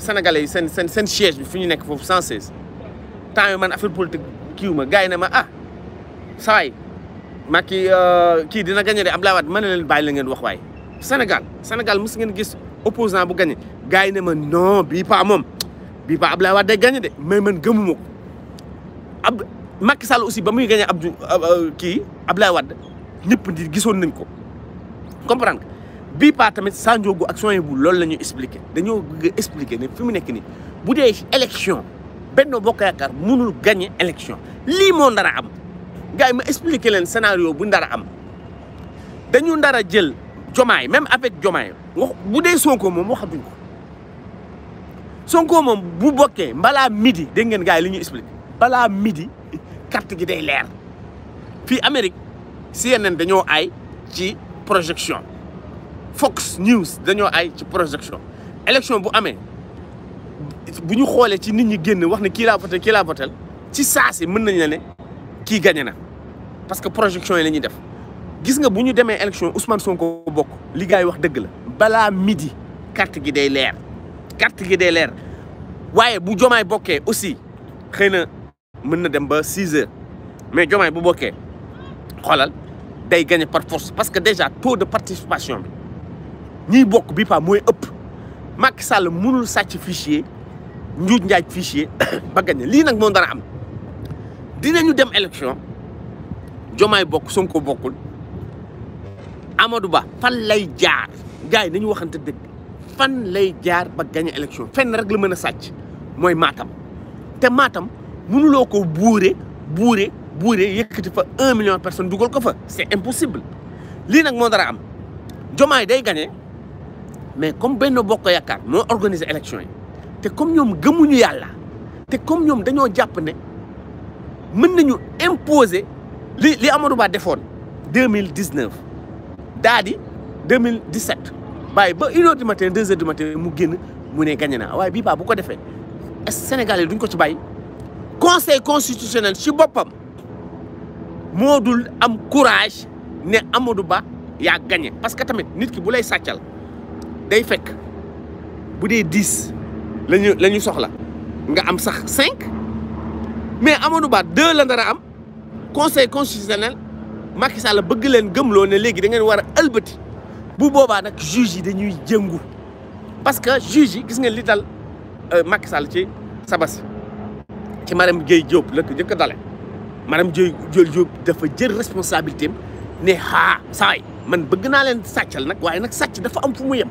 sénégalais sen sen sen sen siège bi fiñu Nek fofu foofu sans cesse temps man affaire politique kiwuma gay na ma ah Say, maki euh, ki dina gagner de Abdoulaye Wade ma ne leen la ngeen wax way Sénégal Sénégal mus ngeen gis opposant bu gagner gay na ma non bi pa mom bi pa Abdoulaye Wade gagner de mais man gëmuma ab Macky Sall aussi ba muy gagné Abdou euh, euh, ki Abdoulaye Wade di gisoon nañ ko comprendre Si paa tamit Action ak expliqué expliqué ne élection Benno Bokk mënul gagner élection li mo ndara am gars ma scénario bu ndara am dañu ndara jël même avec jomaay wax Sonko mom waxatuñ ko Sonko mom bu bokké midi gars liñu expliquer bala midi carte gi day lèr Amérique CNN dañoo ay ci projection Fox News dañoo ay ci projection élection bu amé buñu xolé ci nit ñi génn wax né ki la voté ki la votel ci saasi mën nañ la ne kii gagné na parce que projection yi la ñuy def gis nga buñu démé élection Ousmane Sonko bokk li gars wax dëgg la bala midi carte gi day lèr carte gi day lèr waaye bu jomay bokké aussi xeyna na mën na dem ba 6 h mais jomay bu bokké xolal day gagné par force parce que déjà taux de participation bi ñiy bokk bi pa mooy ëpp Macky Sall mënul sàcc fichier njuuj njaaj fichier ba gagné lii nag moom dana am dinañu dem élection Jomaay bokk Sonko bokkul Amadou Ba fan lay jaar gars yi nañu waxante dëgg fan lay jaar ba gagné élection fenn rek la mën a sàcc mooy maatam te maatam mënuloo ko buure buure buure yëkkati fa un million personnes dugal ko fa c'est impossible lii nag moo dara am Jomaay day gagné. mais comme Benno Bokk yakar mo organiser élection té te comme ñoom gëmuñu yalla, te comme ñom dañoo japp né mën nañu imposer li li Amadou Ba 2019, deux 2017, dix neuf ba 1h du matin deux heures du matin mu génn mu né gagné na way bi ba bu ko defee est Sénégalais duñ ko ci bay conseil constitutionnel ci bopam modul am courage ne Amadou Ba yaa gagné parce que tamit nit ki bu lay sàccal. day fekk bu dee dix lañu la ñu soxla nga am sax cinq mais Amadou Ba deux la dara am conseil constitutionnel Macky Sall bëgg leen gëmloo ne léegi da ngeen war a ëlbati bu boobaa nag juge yi dañuy jëngu parce que juge yi gis ngeen li dal euh, Macky Sall ci sabasi ci Marème géey Diop la ko njëkk a dale Marème Dieye Diop dafa jël responsabilité am ne xaa ah, saay man bëgg naa leen sàccal nag waaye nag sàcc dafa am fu mu yem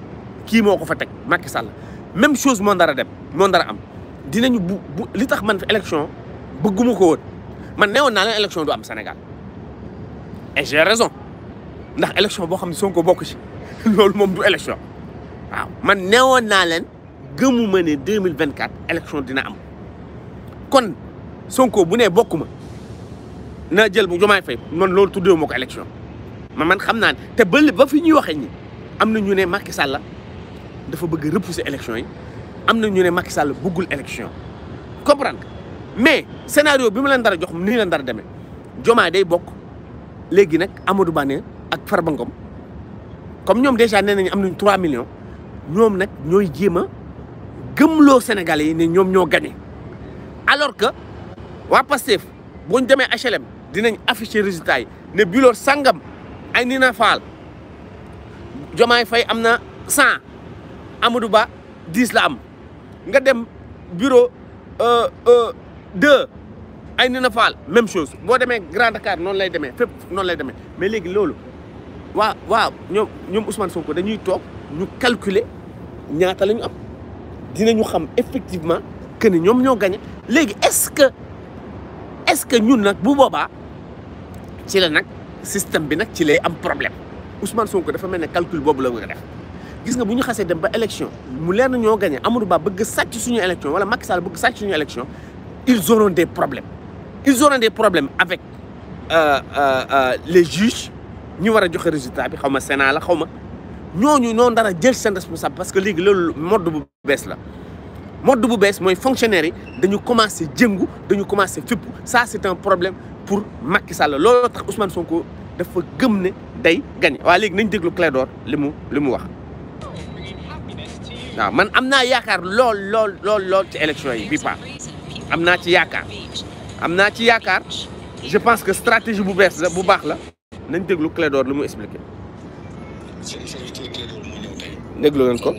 kii moo ko fa teg Macky Sall même chose moo dara dem moo dara am dinañu li tax man élection bëgguma ko woon man neewoon na leen élection du am Sénégal et j'ai raison ndax élection bo xamni Sonko bokk ci loolu mom du élection waaw man neewoon na len gëmuma ne 2024 mille élection dina am kon Sonko bu nee bokuma na jël bu Diomaye fay man loolu tuddee moo ko élection man man xam naa te ba ba fi ñuy waxee ñi am ñu ne Macky Sall dafa bëgg repousser élection yi am na ñu ne Macky Sall bëggul élection comprendre mais scénario bi mu leen dara jox nii leen dara demee Diomaye day bokk léegi nag Amadou Ba ak Farba Ngom comme ñoom déjà nee nañu am nañ 3 millions ñoom nag ñoo jéem a gëmloo Sénégalais yi ne ñoom ñoo gagné alors que waa Pastef boo ñu demee HLM dinañ afficher résultat yi ne bureau sangam ay Nina Fall Diomaye Faye am na 100. Amadouba d'islam, nga dem bureau euh, euh, de ay Nafal, même chose Bo démé Grand Dakar non lay démé, non lay mais légui lolu wa, Ousmane Sonko dañuy tok ñu calculer ñaata lañu am dinañu effectivement que ni ñoo gagné est-ce que est-ce que ñun système bi un ci am problème Ousmane Sonko dafa calcul gis nga buñu ñu dem ba élection mu lén na ñoo gagné Amadou Ba bëgg sàcc suñu élection wala Macky Sall bëgg sàcc suñu élection ils auront des problèmes ils auront des problèmes avec euh, euh, euh, les juges ñu wara joxe résultat bi xawma Sénat la xawma ñoñu ñooñu noonu dara jël sen responsable parce que léegi loolu mode bu bees la mode bu bees moy fonctionnaire yi dañu commencer jëngu dañu commencer fépp ça c'est un problème pour Macky Sall looloo tax Ousmane Sonko dafa gëm né day gagné wa légui nañ déglu clé d'or limu limu wax waaw man am naa yaakaar Lol, lol, lol, lool ci élection yi bi pa am naa ci yaakaar am ci yaakaar je pense que stratégie bu bees la bu baax la nañ déglu Clédor lu mu expliqué déglu ngeen ko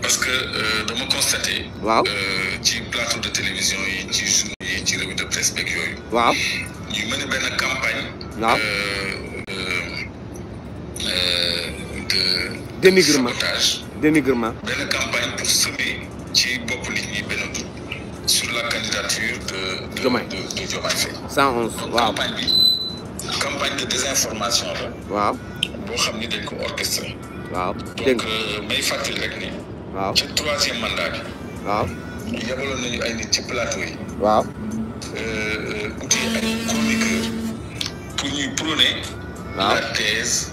parce que euh, dama constaté waaw euh, ci plateau de télévision yi ci journaux yi ci revue de presse beeg yooyu waaw ñuy mën benn campagne waaw euh, de dénigrement dénigrement campagne pour semer chez sur la candidature de. de 111 campagne de désinformation Wow. Pour orchestré. donc euh, le troisième mandat Wow. plateau euh, euh, pour prôner. la thèse.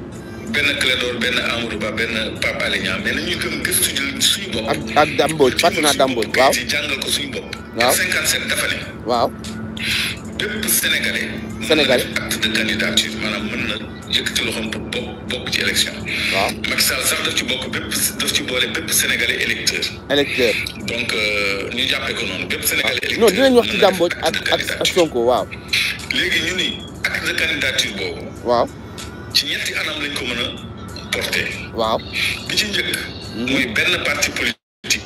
benn Clédor benn Amadou Ba benn Pape Alé Niang mais nañu gëm gëstu jël suñu bopp. ak ak Dambodj fàtte waaw ko suñu bopp. waaw 57 dafa ne. waaw. bépp Sénégalais. Sénégalais acte de candidature maanaam mën na yëkkati loxoom pour bokk bokk ci élection. waaw Macky Sall sax daf ci bokk bépp daf ci boole bépp Sénégalais électeur. électeur donc euh, ñu jàppee noonu bépp Sénégalais. Ah. électeur non wax ci Dambodj ak ak Sonko waaw. léegi ñu ni acte de candidature boobu. waaw. ci ñetti anam lañ ko mën a porté. waaw bi ci njëkk. muy hmm. benn parti politique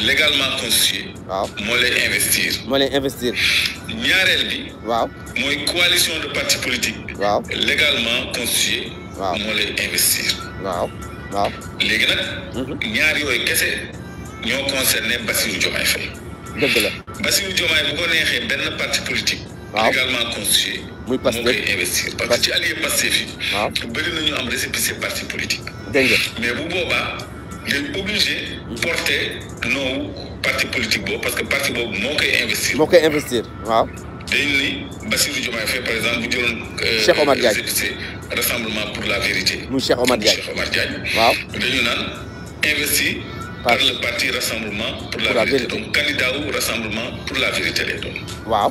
légalement constitué. waaw moo lay investir. moo lay investir. ñaareel bi. waaw mooy coalition de parti politiques. waaw légalement constitué. waaw moo lay investir. waaw waaw. léegi nag. Hmm. ñaar yooyu kese ñoo concerné Bassirou Diomaye Faye. dëgg la Bassirou Diomaye bu ko neexee benn parti politique également constitué. oui Pastef investir parce que ci allié Pastef yi. waaw bëri na ñu am récépissé parti politique. dégg mais bu boobaa dañ obligé porter nos parti politique parce que parti boobu moo koy investir. moo koy investir waaw. dañ ni Bassirou Diomaye par exemple vous euh, dites Cheikh Omar Diagne rassemblement pour la vérité. muy Cheikh Omar Diagne Cheikh Omar Diagne. investi. par le parti rassemblement pour la vérité donc candidat au rassemblement pour la vérité les doon.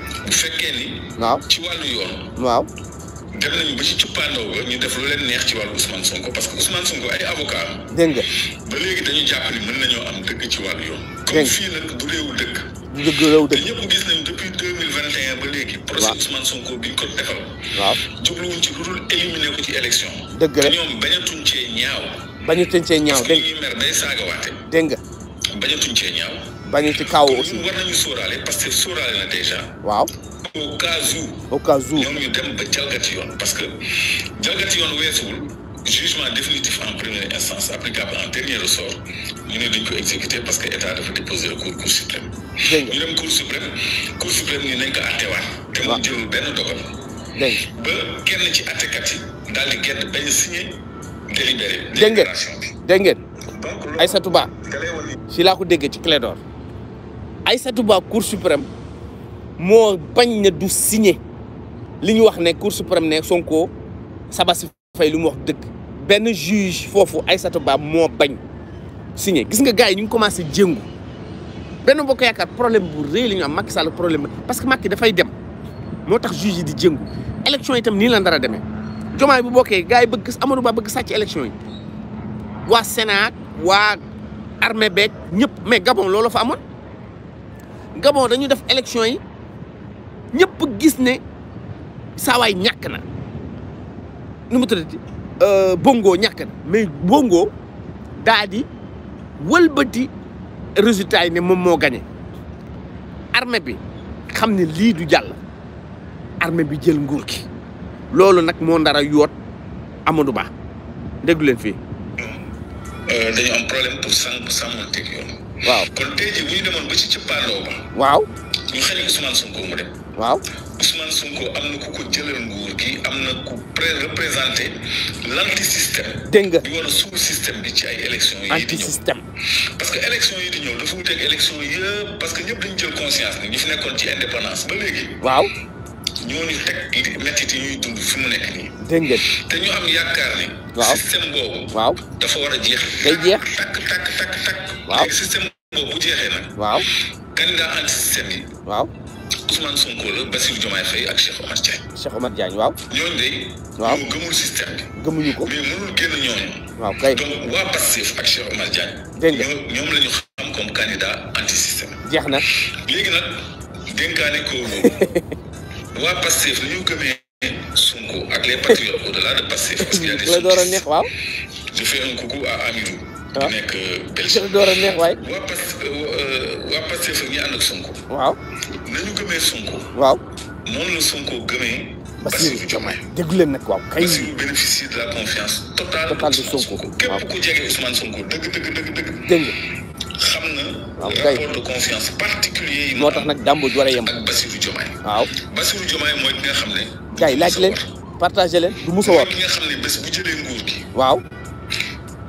bu fekkee ni. waaw ci wàllu yoon. waaw. dem nañu ba ci cuppaandaw ba ñu def lu leen neex ci wàllu Ousmane Sonko parce que Ousmane Sonko ay avocat am. dégg nga. ba léegi dañu jàpp ni mën nañoo am dëgg ci wàllu yoon. comme fii nag du réewu dëkk. du dëgg réewu dëkk te ñëpp gis nañ depuis deux mille vingt et un ba léegi. waaw procès Ousmane bi ñu ko defal. waaw jubluwuñ ci lu dul éliminer ko ci élection. dëgg la te ñoom bañatuñ cee ñaaw. bañatuñ cee ñaaw dégg nga parce que ñuy mer day saagawaate. dégg nga cee ñaaw bañeti kawo aussi wonani sorale par ce que sorale na déjà waaw au cas où au cas où ñoom ñu dem ba jalgati yoon parce que jalgati yoon weesuwul jugement définitif en première instance applicable en dernier ressort ñu ne duñ ko exécuté parce que état o déposé recours cour suprême ñu dem cour suprem, cour suprême ni nañ ko attewaat te mu jëlul benn dogal ba kenn ci attekat yi daal di gedd bañ signé délibéré dégg ngeen dégg ngeen Aïssatou Ba si laa ko déggee ci Clédor Aïssa Touba, cour suprême qui bañ ne du signer cour suprême ne Sonko Sabassi lu wax juge foofu Aïssatou Ba pas bañ signer gis nga gars ñu commencé jéngu y a problème bu problème parce que Macky dafay dem juge de di jéngu élection itam nii la dara bu gars bëgg élection yi Sénat wa armée mais Gabon fa Gabon dañu def élection yi ñëpp gis ne saawaay ñàkk na nu ma tuddati euh, Bongo ñàkk na mais Bongo daa di wëlbati résultat yi ne moom moo gagné armée bi xam ne lii du jàll armée bi jël nguur gi loolu nag moo ndara yoot Amadou Ba déglu leen fii. Euh, waaw kon tey jii bu ñu demoon ba ci cëppaandoo ba. waaw ñu xëy Ousmane Sonko mu dem. waaw Ousmane Sonko am na ku ko jëlal nguur gi am na ku pré représenté l' anti système. dégg nga di war a suul système bi ci ay élections yi di ñëw parce que élections yi di ñëw dafa wuteeg élections yëpp parce que ñëpp dañu jël conscience ni ñu fi nekkoon ci indépendance ba léegi. waaw. ñoo ñu teg métti ñuy dund fi mu nekk nii. dégg te ñu am yaakaar ni. waaw système boobu. waaw dafa a jeex. takk takk takk takk. boobu bu jeexee waaw candidat anti système yi. waaw Ousmane Sonko la Bassirou Diomaye Faye ak waaw. ñooñu waaw ñoo ak Cheikh Omar Diagne. dégg ñoom la xam comme candidat anti système. jeex na léegi nag dénkaane ko. waa passif ni ñu gëmee Sonko ak les patriotes au-delà de passif parce qu'il y a des la door a je fais un coucou à Amidou. Ah. Euh, waaw di nekk Belgique. la door a neex waay. waa Pastef ñi ànd Sonko. wa nañu gëmé Sonko. wa mon la Sonko gëmé Bassirou Diomaye déglu leen nag waaw kay. Bassirou bénéficie de la confiance totale. totale de Sonko képp ku jege Ousmane Sonko dëgg dëgg dëgg dëgg. dégg nga. xam na. waaw de confiance particulier yi. moo tax nag Dambodj war a yem. ak Bassirou waaw Bassirou Diomaye mooy ki nga xam ne. gars yi laaj leen partagé leen du musa waaw.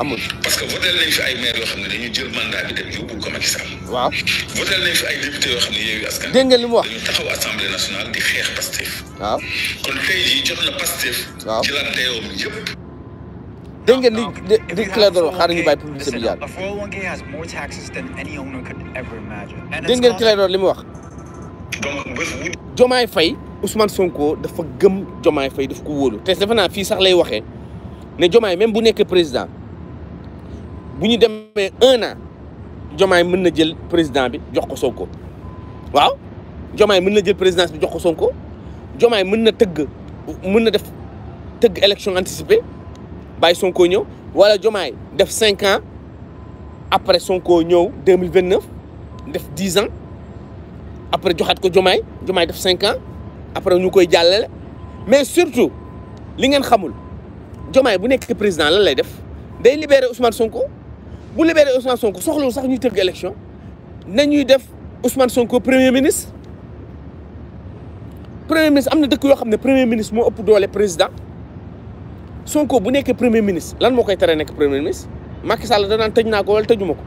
amul parce que waaw votel nañ fi li mu wax dañu taxaw assemblée nationale di xeex Pastef. li li doon wax xaaral ñu bàyyi publicité bi jàll. Oh dégg nga Clédor doon li mu wax. Jomaay Faye Ousmane Sonko dafa gëm Jomaay Faye daf ko wóolu te defe naa fii sax lay waxee ne Jomaay même bu nekk président. Si vous avez un an Jomay mën na jël président bi jox ko Sonko waaw Jomay mën na jël présidence bi jox ko Sonko Jomay mën na teug mën na def teug élection anticipée bay Sonko ñëw wala def 5 ans après son ñëw 2029, 10 def ans après joxat ko Jomay Jomay def 5 ans après ñukoy mais surtout li ngeen xamul vous bu nekk président lan lay def day libérer Ousmane Sonko bu libéré Ousmane Sonko soxlawul sax ñuy tëgg élection nañuy def Ousmane Sonko premier ministre premier ministre am na dëkk yoo premier ministre moo ëpp le président Sonko bu que premier ministre lan moo koy tere nekk premier ministre Macky Sall danaan tëj naa ko wala tëjuma ko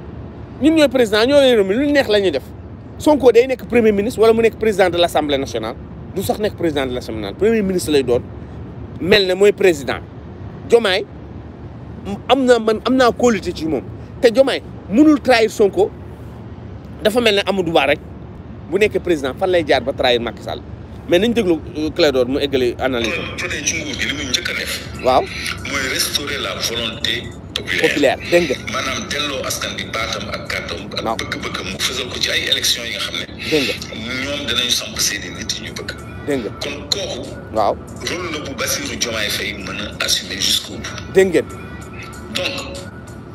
ñun président ñoo leen mi lu neex la def Sonko day nekk premier ministre wala mu nekk président de l'Assemblée nationale du sax nekk président de l'Assemblée nationale premier ministre lay doon mel ne mooy président Diomaye am naa man am naa kóolute ci moom. te Diomaye mënul trahir Sonko dafa mel ne Amadou Ba rek bu nekkee président fan lay jaar ba trahir Macky Sall mais nañ déglu euh, Clédor mu éggale analyse codee njëkk a def waaw mooy restaurer la volonté populaire dégg nga maanaam delloo askan bi baatam ak kàddoom ak bëgg-bëggam mu fësal ko ci ay élections yi nga xam ne dégg nga ñoom danañu samp seeni nit ñu bëgg dégg nga kon kooku waaw rôle la bu Bassirou Diomaye Faye mën a assumer jusqu'au bout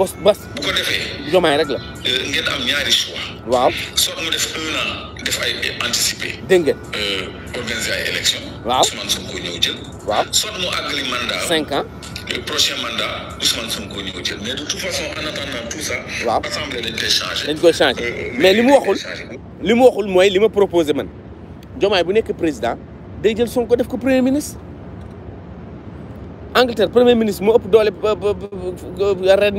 bos bos. bu ko defee. jomaay rek la. Eh, ngeen am ñaari choix. waaw soit mu def un an def ay anticiper. dégg ngeen. Eh, organiser ay élection waaw Ousmane Sonko ñëw jël. waaw soit mu àggali mandat. cinq ans. le prochain mandat Ousmane Sonko ñëw jël mais de toute façon en attendant tout ça. waaw assemblée dañ koy changé. dañ koy changé euh, mais li que waxul. li mu waxul mooy li ma proposé man. jomaay bu nekk président day jël Sonko def ko premier ministre. Angleterre premier ministre moo ëpp doole ren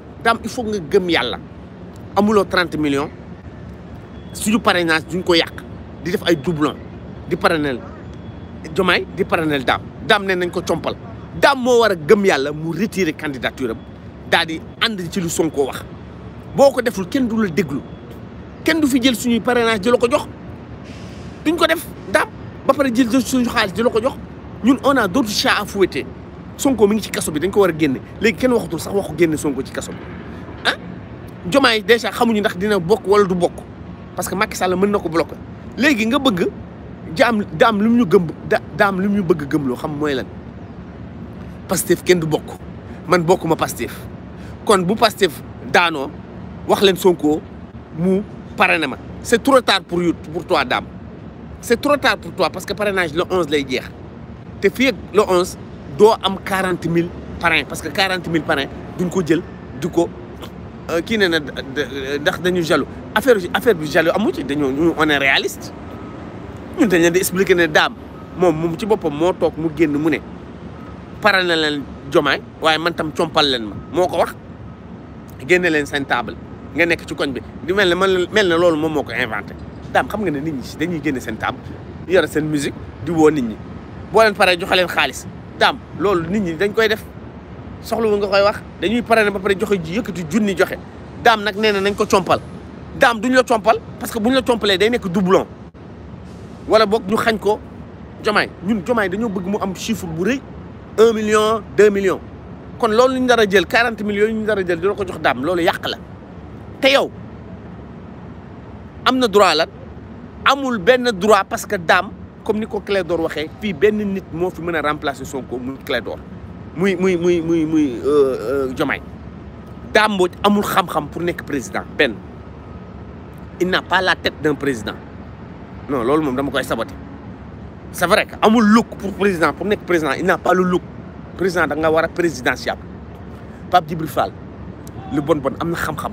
tam il faut nga gëm yalla amulo 30 millions suñu parrainage duñ ko yak di def ay doublon di parrainel Diomaye di parrainel daam daam ne nañ ko chompal daam mo wara a gëm yàlla mu retirer candidature am daal di ànd ci lu Sonko wax boko deful kenn du la déglu kenn du fi jël suñu parrainage di ko jox duñ ko def daam ba paré jël suñu xaalis di ko jox ñun on a d'autres chats à fouetter Sonko mi ngi ci kasso bi dañ ko wara a légui kenn waxatul sax waxu génne Sonko ci kasso hein ah? jomay déjà dèjà xamuñu ndax dina bokk wala du bokk parce que Macky Sall mën nako bloquer légui nga bëgg jaam dam lu ñu gëm dam lu ñu bëgg gëm lo xam moy lan Pastef kenn du bokk man bokkuma Pastef kon bu Pastef daano wax len Sonko mu parrainé ma c'est trop tard pour you pour toi daam c'est trop tard pour toi parce que parrainage le 11 lay jeex té fi le 11 do am quarante mille parrain parce que quarante mille parrain duñ ko jël du ko euh, ki ne na ndax dañu jaloux affaire affaire bi jaloux amu ci dañoo ñu on est réaliste ñun dañ leen di expliquer ne daam mom moom ci bopam mo tok mu genn mu ne pare na leen jomaay waaye man tam chompal len ma moko wax génne len sen table nga nek ci koñ bi di mel man mel lolu mom moko inventer ko xam nga ne nit ñi dañuy génne sen table yore sen musique di wo nit ñi boo leen paree joxe leen daam loolu nit ñi dañ koy def soxlawul nga koy wax dañuy pare ba pare joxe ji yëkkati junni joxe daam nag nee na nañ ko compal daam duñ la compal parce que buñ la compalee day nekk doublon wala boog ñu xañ ko jomaay ñun jomaay dañoo bëgg mu am chiffre bu rëy un million deux millions kon loolu ñu dara jël quarante millions yi ñu dara jël dina ko jox daam loolu yàq la te yow am na droit la amul benn droit parce que daam comme ni ko Clédor waxé fi Ben nit mo fi meuna a remplacer Sonko muy Clédor muy muy muy muy muy euh Jomay euh, Mbodj amul xam-xam pour nek président Ben, il n'a pas la tête d'un président non loolu mom dama koy saboter c'est vrai que amul look pour président pour nek président il n'a pas le look président da nga wara présidentiel présidentiable Pape Djibril Fall le bon bon amna xam-xam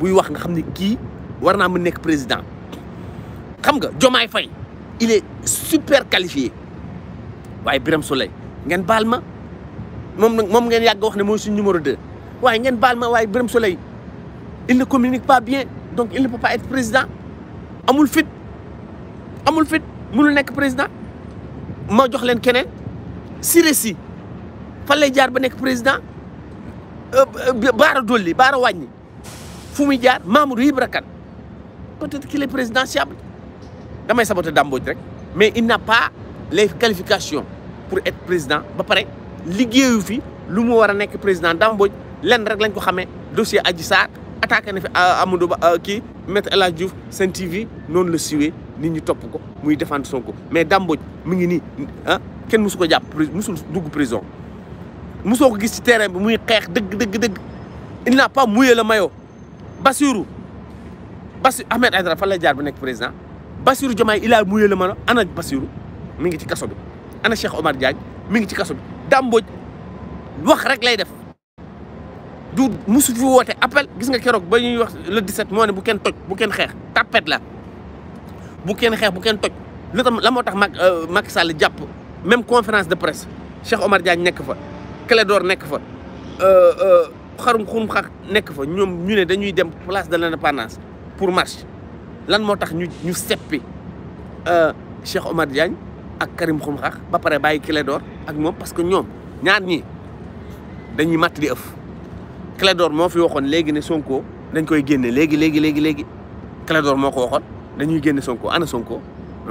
buy wax nga xamni ki warna war nek président xam nga Jomay Faye il est super qualifié Mais Birame Soleil.. Vous balma, ma moom nag que wax numéro 2 Mais vous balma, ma waaye Birame il ne communique pas bien donc il ne peut pas être président amul fit amul fit mënul nekk président ma jox leen keneen Siré Sy fan ba président euh, euh, baara dolli baara wàññi fu Diar, Mamoudou peut-être qu'il est présidentiable damay saboté Dame rek mais il n'a pas les qualifications pour être président ba pare liggéeyu fi lu mu war a nekk président Dame Mbodj lenn rek lañ ko xamee dossier aji Sarr attaqué na fi euh, Amadou Ba euh, kii maître El Diouf Sen TV noonu la siwee nit ñi topp ko muy défendre Sonko mais Dame Mbodj mu ngi nii ah kenn musu ko jàpp musul dugg prison musoo ko gis ci terrain bi muy xeex dëgg dëgg dëgg il n'a pas mouillé le maillot Bassirou Bassirou Ahmed Aïdara fan lay jaar bu nekk président Bassirou Diomaye il a mouillé le maillot ana Bassirou mi ngi ci kaso bi ana Cheikh Omar Diagne mi ngi ci kaso bi Dame wax rek lay def du musu fi woote appel gis nga keroog ba ñuy wax le 17 moo ne bu kenn toj bu kenn xeex tapet la bu kenn xeex bu kenn toj lu tam la moo tax Mack euh, Macky Sall jàpp même conférence de presse Cheikh Omar Diagne nekk fa Clédor nekk fa xarum xurum xaq nekk fa ñoom ñu ne dañuy dem place de l'indépendance pour marche lan moo tax ñu ñu seppi euh, Cheikh Omar Diagne ak Karim xum Xax ba pare bàyyi Clédor ak moom parce que ñoom ñaar ñi dañuy matt di ëf Clédor moo fi waxoon léegi ne Sonko dañ koy génne léegi léegi léegi léegi Clédor moo ko waxoon dañuy génne Sonko ana Sonko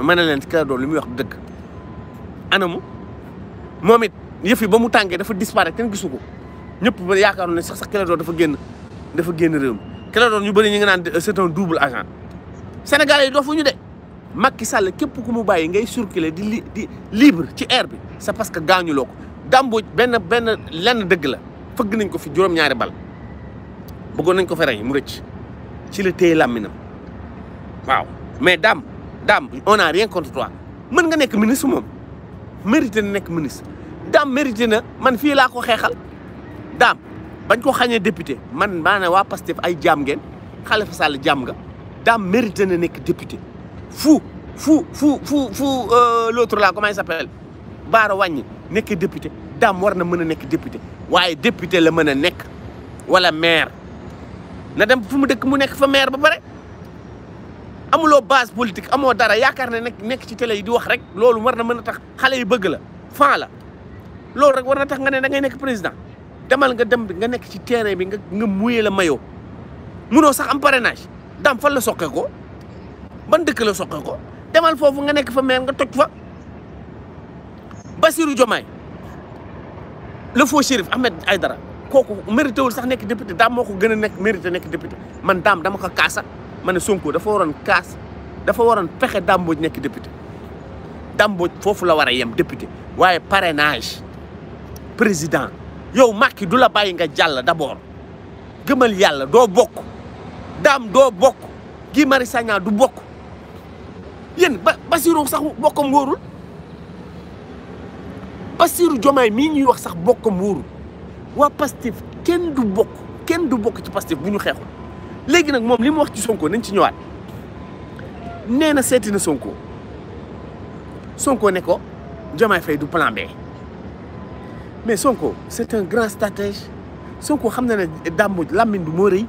ma ne leen Clédor li muy wax dëgg ana moom it yëf yi ba mu tàngee dafa disparaître kenn gisu ko ñëpp ba yaakaaroon ne sax sax Clédor dafa génn dafa génn réew mi Clédor ñu bëri ñu ngi naan c'est un double agent Sénégalais yi ñu de Macky Sall képp ku mu bàyyi ngay circuler di li di libre ci air bi c'est parce que gaañuloo ko dàmbuj benn benn lenn dëgg la fëgg nañ ko fi juróom-ñaari bal bëggoon nañ ko fi rey mu rëcc ci la téye làmminam waaw mais Dame Dame on a rien mën nga nekk ministre moom mérité na nekk ministre Dame mérité na man fii laa ko xeexal Dame bañ koo xañee député man maanaam waa Pastef ay jaam ngeen Khalifa Sall jaam nga. Dame de députée..! député fou fou fou fou euh, l'autre là comment il s'appelle Baara n'est que député dame député ouais député la nek maire na dem fu mu maire ba pare base politique amo dara ne nek ci télé yi di wax rek warna tax xalé yi bëgg la la rek tax nga da ngay président demal nga dem nga nek ci terrain bi nga nga la mayo parrainage dam fa la soqee ko ban dëkk la soqee ko demal fofu nga nek fa mel nga toj fa basirou jomay le faux shérif Ahmed Aïdara koku mérité wul sax nek député dam moko gëna nek mérité nek député man dam dama ko kassa ma Sonko dafa waron kass dafa waron fexé Dame bo nek député Dame bo fofu la wara a yem député waye parrainage président yow makki dula la nga jall d'abord gëmal yalla do bokk daam doo bokk Guy Marius Sagna du bokk yéen ba Bassirou sax bokkam wóorul Bassirou Diomaye mii ñuy wax sax bokkam wóorul waa Pastef kenn du bokk kenn du bokk ci Pastef bu ñu xeexul léegi nag moom li mu wax ci sonkoo nañ ci ñëwaat nee na seeti na Sonko Sonko ne ko Diomaye Faye du plan B mais Sonko c'est un grand stratège Sonko xam na ne Dame Mbodj làmmiñ du moo rëy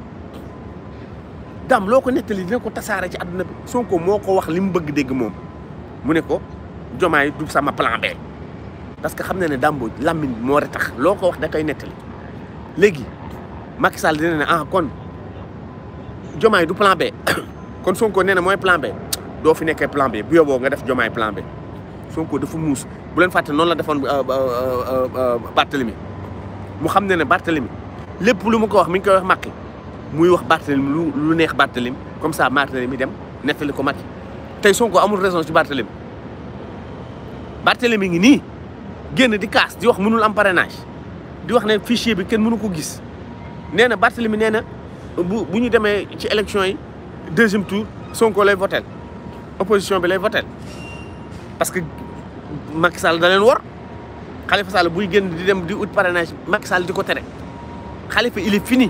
daam loo ko nettali dina ko tasaare ci àdduna bi ko moo ko wax li mu bëgg dégg moom mu ne ko jomaay du sama plan B parce que xam na ne Dame làmmiñ moo retax loo ko wax da koy nettali léegi Macky Sall dina ne ah kon jomaay du plan B kon Sonko nee ne mooy plan B doo fi nekkee plan B bu yoboo nga def jomaay plan B Sonko dafa muus bu leen fàtte noonu la defoon euh, euh, euh, Barthélemy mu xam ne ne Barthélemy lépp lu mu ko wax mi ngi koy wax Macky muy wax Barthélemy lu lu neex Barthélemy comme ça mi dem nettali ko Macky tey Sonko amul raison ci Barthélemy Barthélemy ngi ni genn di kaas di wax mënul am parrainage di wax ne fichier bi kenn mënu ko gis nee na Barthélemy buñu démé ci élection yi deuxième tour Sonko lay votel opposition bi lay votel parce que Macky Sall da leen war Khalifa Sall buy genn di dem di ut parrainage Macky Sall di ko tere Khalifa il est fini.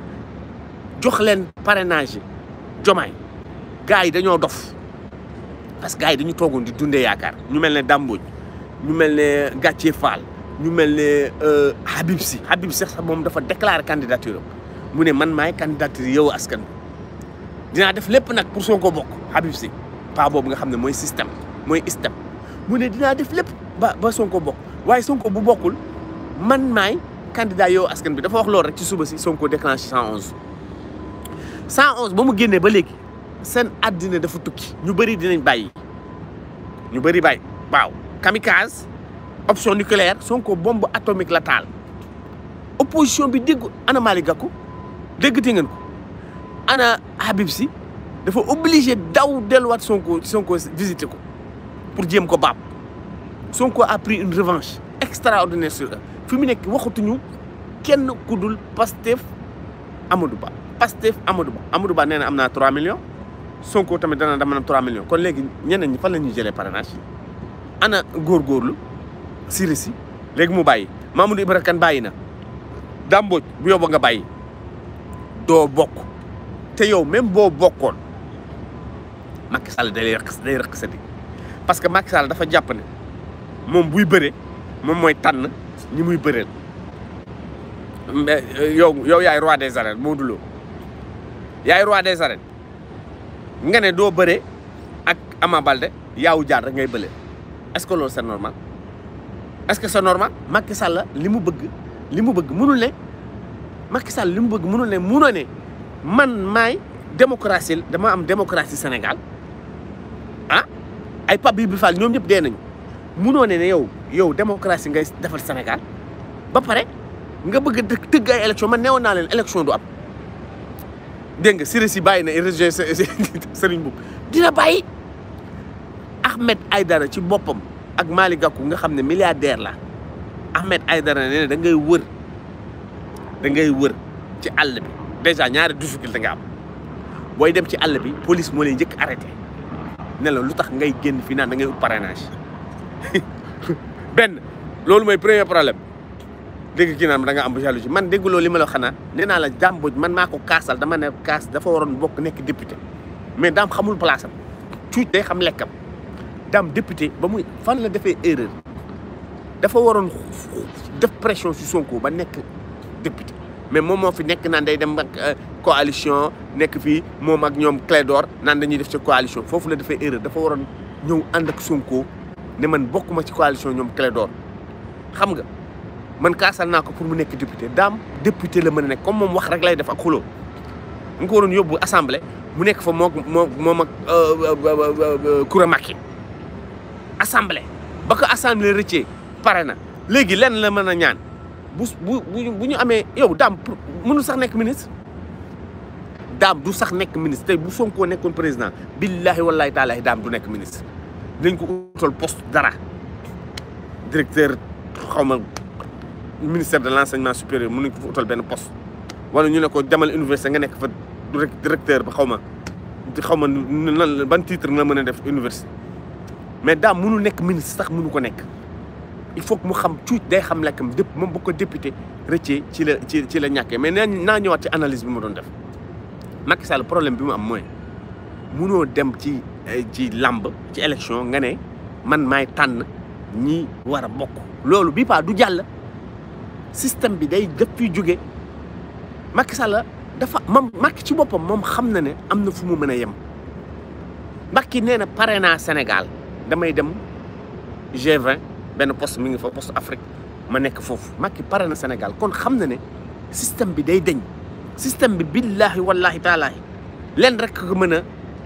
jox les parrainage gars parce que gars yi di dundee de ñu Nous ne les ñu nous ne les Fall nous mel ne euh, Habib Sy Habib Sy candidature man mai candidature yow askan bi def pour Sonko bokk Habib Sy pas boobu nga xam système système ne def lépp ba Sonko Sonko man candidat yow askan bi dafa wax rek ci suba 111 ba mu génnee ba légui sen àddina dafa tukki ñu bari dinañ bayyi ñu bari waaw kamikaze option nucléaire Sonko bombe atomique la taal opposition bi dégg ana Malick dégg ti ngeen ko ana Habib si dafa obligé daw delluwaat Sonko Sonko visiter ko pour jéem ko baab Sonko a pris une revanche extraordinaire sur fi mu nekk waxatuñu kenn kudul Pastef Amadou Ba Pastef Amadou Ba Amadou Ba nee na am naa 3 millions Sonko tamit dana dama am 3 millions kon léegi ñeneen ñi fan la ñuy jëlee parrainage ana góorlu Siré Sy léegi mu bàyyi Mamadou Ibra Kane bàyyi na dàmbooj bu yóbbu nga bàyyi doo bokk te yow même boo bokkoon Macky Sall day rëq sa di parce que Macky Sall dafa jàpp ne moom buy bëre moom mooy tànn ñi muy bëreel euh, yow yow yaay roi des arènes Modou Lo yaay roi des arènes nga ne doo bëre ak Ama Balde yaawu jaar rek ngay bële est-ce que loolu c'est normal est-ce que c'est normal Macky Sall li mu bëgg li mu bëgg mënul ne Macky Sall li mu bëgg mënul ne mënoo ne man maay démocratie dama am démocratie senegal ah ay Pape Bibi Fall ñoom ñëpp dee nañu mënoo ne ne yow yow démocratie ngay defal senegal ba pare nga bëgg a tëgg ay élection man neewoon naa leen élection du am. deng si si Sy na région Serigne dina bàyyi Ahmed aidara ci boppam ak Malick Gakou nga xam ne milliardaire la Ahmed Aydara nee na da ngay wër da ngay wër ci àll bi déjà ñaari difficulté nga am boy dem ci àll bi police moo lay njëkk arrêté ne la lu tax ngay génn fii naan da ngay Ben, lo benn premier dégg kii naan da nga am jalousie man dégguloo li ma la xanaa nee naa la Dame man maa ko kaasal dama ne kaas dafa waroon bokk nekk député mais daam xamul place am day xam lekkam daam député ba muy fan la defee erreur dafa waroon def pression si Sonko ba nekk député mais moom moo fi nekk naan day dem ak euh, coalition nekk fii moom ak ñoom Clédor naan dañuy def ci coalition foofu la defee erreur dafa waroon ñëw ànd ak Sonko ne man bokkuma ci coalition ñoom Clédor xam nga man kaasal naa ko pour mu nekk député daam député la mën a nekk comme moom wax rek lay def a xuloo mu ko waroon yóbbu assemblée mu nekk fa moom moom moom ak Koura euh, euh, euh, Macky assemblée ba ko assemblée rëccee pare na léegi lenn la mën a ñaan bu bu bu ñu amee yow daam mënu sax nekk ministre daam du sax nekk ministre tey bu Sonko nekkoon président billahi wallahi taalahi daam du nekk ministre dañ ko utal poste dara directeur xaw ma le ministère de l'enseignement supérieur mën ko fa ben poste wala ñu ne ko demal université nga nek fa directeur ba xawma ma xawma ban titre nga mëna def université mais da mënu nek ministre sax mënu ko nek il faut que mu xam tuuti day xam lakam dëpp mom bu ko député rëccee ci la ci la ñaké mais na naa ñëwaat ci analyse bi mu doon def Macky Sall problème bi mu am moy mëno dem ci eh, ci l'amb, ci élection nga né man may tan ñi wara a bokk loolu bii du jàll système bi day jëpp fi jóge Macky Sall dafa moom Macky ci boppam moom xam ne am fu mu mën yem Macky nee na Sénégal damay dem G20 benn poste mi ngi fa poste Afrique ma nekk foofu Macky pare Sénégal kon xam na ne système bi day deñ système bi billaahi wallaahi taalaahi leen rek ko mën a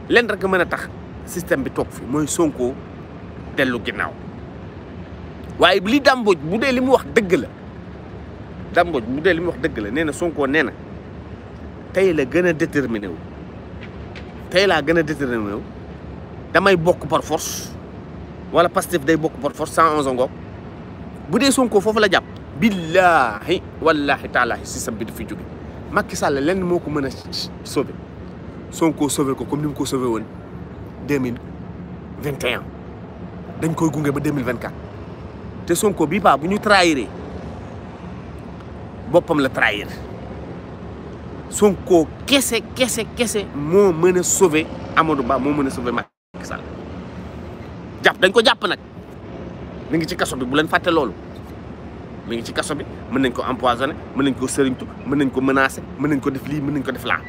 leen rek mën tax système bi toog fi mooy Sonko dellu ginnaaw waaye li dàmbooj bu dee wax dëgg la Dame mu deli wax deug la neena Sonko neena tay la gëna déterminé wu tay la gëna déterminé wu damay bokk par force wala Pastef day bokk par force 111 ngok bu dé Sonko fofu la jàpp billahi wallahi ta'ala si sa bi fi jóge Macky Sall lenn moko mëna sauver Sonko sauver ko comme nim ko sauver won 2021 dañ koy gunge ba 2024 te Sonko bi pa bu ñu trahiré boppam la trahir Sonko kese kese kese moo mën a sauver Amadou Ba moo mën a sauver Macky Sall dañ ko jàpp nag mi ngi ci kaso bu leen fàtte loolu mi ngi ci kaso bi mën nañ ko empoisonné mën nañ ko sëriñtu mën nañ ko menacé mën nañ ko def lii mën nañ ko def laa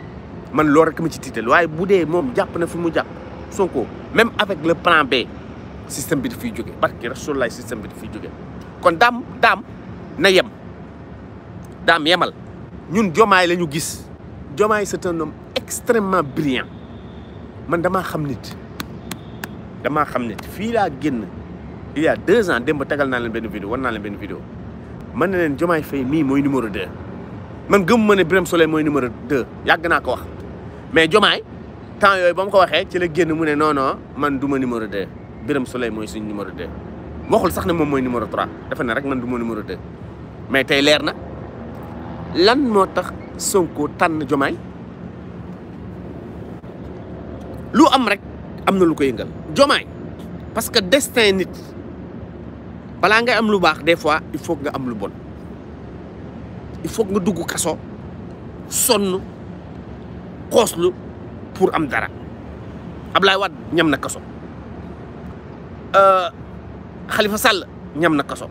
man lool rek ma ci tiital waaye bu dee moom jàpp na fu mu jàpp Sonko même avec le plan B système bi dafiy jóge barki Rasulullah système bi dafiy jóge kon daam daam na yem. daam yemal ñun jomaay la ñu gis jomaay c'est un homme extrêmement brillant man damaa xam nit damaa xam nit fii laa génn il y a deux ans démb tagal naa leen benn vidéo war naa leen benn vidéo man ne leen jomaay fay mii mooy numéro deux man gëmuma ne Birame Souleye mooy numéro deux yàgg naa ko wax mais jomaay temps yooyu ba mu ko waxee ci la génn mu ne non man du ma numéro deux Birame Souleye mooy suñu numéro deux waxul sax ne moom mooy numéro trois dafa ne rek man du ma numéro deux mais tey leer na lan moo tax Sonko tànn Jomaay lu am rek am na lu ko yëngal Jomaay parce que destin nit balaa ngay am lu baax des fois il faut nga am lu bon il faut nga dugg kaso sonn xooslu pour am dara Ablaye Wade ñam na kaso xalifa euh, Sall ñam na kaso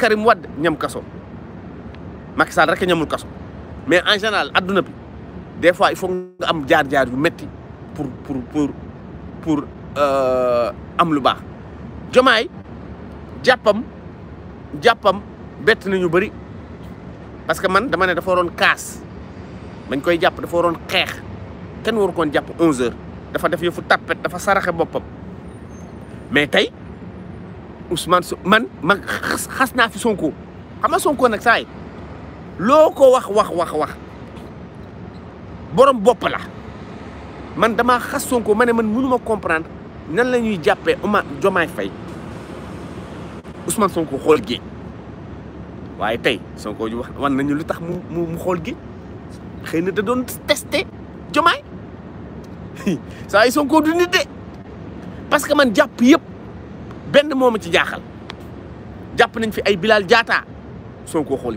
Karim Wade ñam kaso Macky Sall rek ñamul kasso mais en général aduna bi des fois il faut nga am jaar-jaar yu metti pour pour pour pour euh, am lu baax. jomay jappam jappam bet nañu bari parce que man dama ne dafa ron kaas bañ koy jàpp dafa ron xex ken war kon japp 11h dafa def yëfu tàppet dafa saraxé bopam mais tay Ousmane man man xas fi Sonko xama Sonko nak say Loko wax wax wax wax borom bop la man dama xas Sonko ma man mënuma comprendre nan lañuy jappé uma jomay Fay Ousmane Sonko xol gi waye tay Sonko ju wax wan nañu lutax mu mu xol gi xeyna da doon testé jomay sa ay Sonko du nité parce que man japp yépp benn moo ci jaxal japp nañ fi ay Bilal jata Sonko xol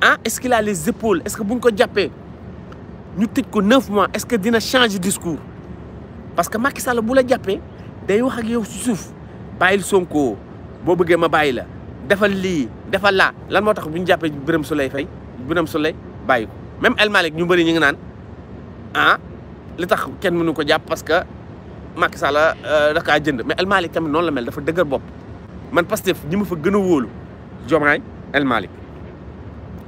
ah est-ce qu'il a les épaules est-ce que bu ñu ko jàppee ñu tëj ko neuf mois est-ce que dina changer discours parce que Macky Sall bu la jàppee day wax ak yow si suuf bàyyil Sonko bo bëggee ma bàyyi la defal li, defal la. lan motax buñ bu ñu jàppee fay, Souleye Faye bayiko. même El Malik ñu bari ñi ngi naan ah li tax kenn mënu ko jàpp parce que Macky Sall euh, da ka jënd mais El Malik tamit non la mel dafa dëgër bop. man Pastef ñi ma fa gëna wolu. wóolu El Malik.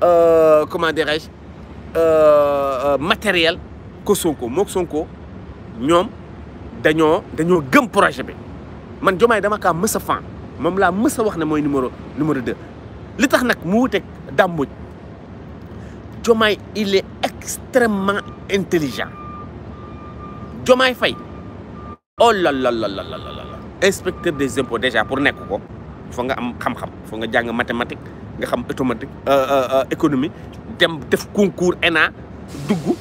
Euh, comment dirais-je euh, euh, matériel que moksonko mook Sonko ñoom dañoo dañoo gëm projet bi man jomay dama suis fan je suis wax ne moy numéro numéro deux li tax nak mu il est extrêmement intelligent jomay fay oh la la la la la inspecteur des impôts déjà pour nekk ko nga am xam-xam fo nga jang mathématiques..! nga xam automatique euh, euh, euh, économie te def concours enaa dugg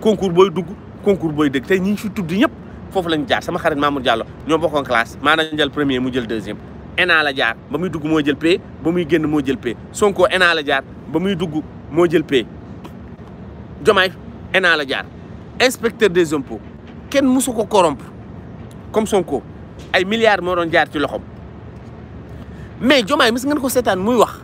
concours booy dugg concours booy dégg te ñi ñu fi tudd ñëpp foofu lañ jaar sama xarit Mamour Diallo ñoo bokkoon classe maanaam jël mu jël deuxième ENA la jaar ba muy dugg moo jël P ba muy génn moo jël P Sonko ENA la jaar ba muy dugg moo jël P Jomaay ENA la jaar inspecteur des impôts kenn mësu ko corrompre comme Sonko ay milliards moo doon jaar ci loxom mais Jomaay mis ngeen ko seetaan muy wax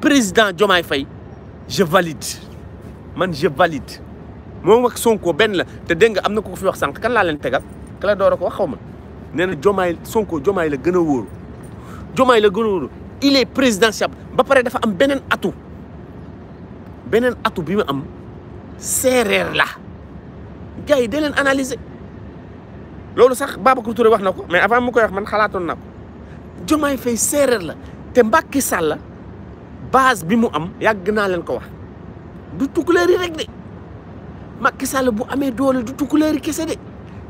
président Diomaye Faye je valide man je valide moom ak Sonko ben la te deng amna ko fi wax sank kan la len tegal kala door a ko wax xaw ma nee Diomaye Sonko Diomaye la gëna wor wóoru Diomaye la gëna wor il est présidentiable ba paré dafa am benen atout benen atout bima am séeréer la gay de len analyser loolu sax Babacar Touré wax nako mais avant mu koy wax man xalaatoon na ko Diomaye Faye séeréer la te Macky Sall base bi mu am yàgg naa leen ko wax du tukkuleer rek de Macky Sall bu amee doole du tukkuleer yi kese de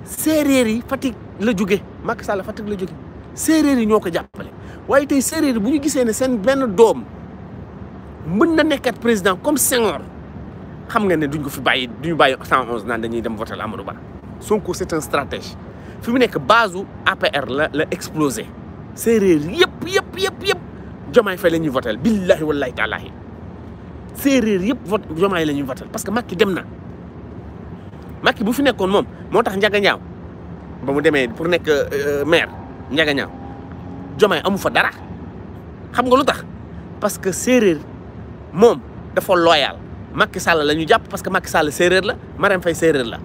séeréer yi Fatick la jóge Macky Sall Fatick la jóge séeréer yi ñoo ko jàppale waaye tey séeréer bu ñu gisee ne seen benn doom mën na nekkat président comme Senghor xam nga ne duñ ko fi bàyyi duñu bàyyi 111 naan dañuy dem voter Amadou Ba Sonko c'est un stratège fi mu nekk base APR la la explosé séeréer yëpp yëpp yëpp yëpp jomaay fay la ñuy votel billahi wallahi taalaahi séeréer yëpp vote jomaay la ñuy votel parce que Macky dem na makki bu fi nekkoon moom moo tax Ndiaga Ndiaw ba mu demee pour nekk euh, maire Ndiaga Ndiaw jomaay amu fa dara xam nga lu tax parce que séeréer moom dafa loyal makki Sall la ñu jàpp parce que Macky Sall séeréer la Marème fay séeréer la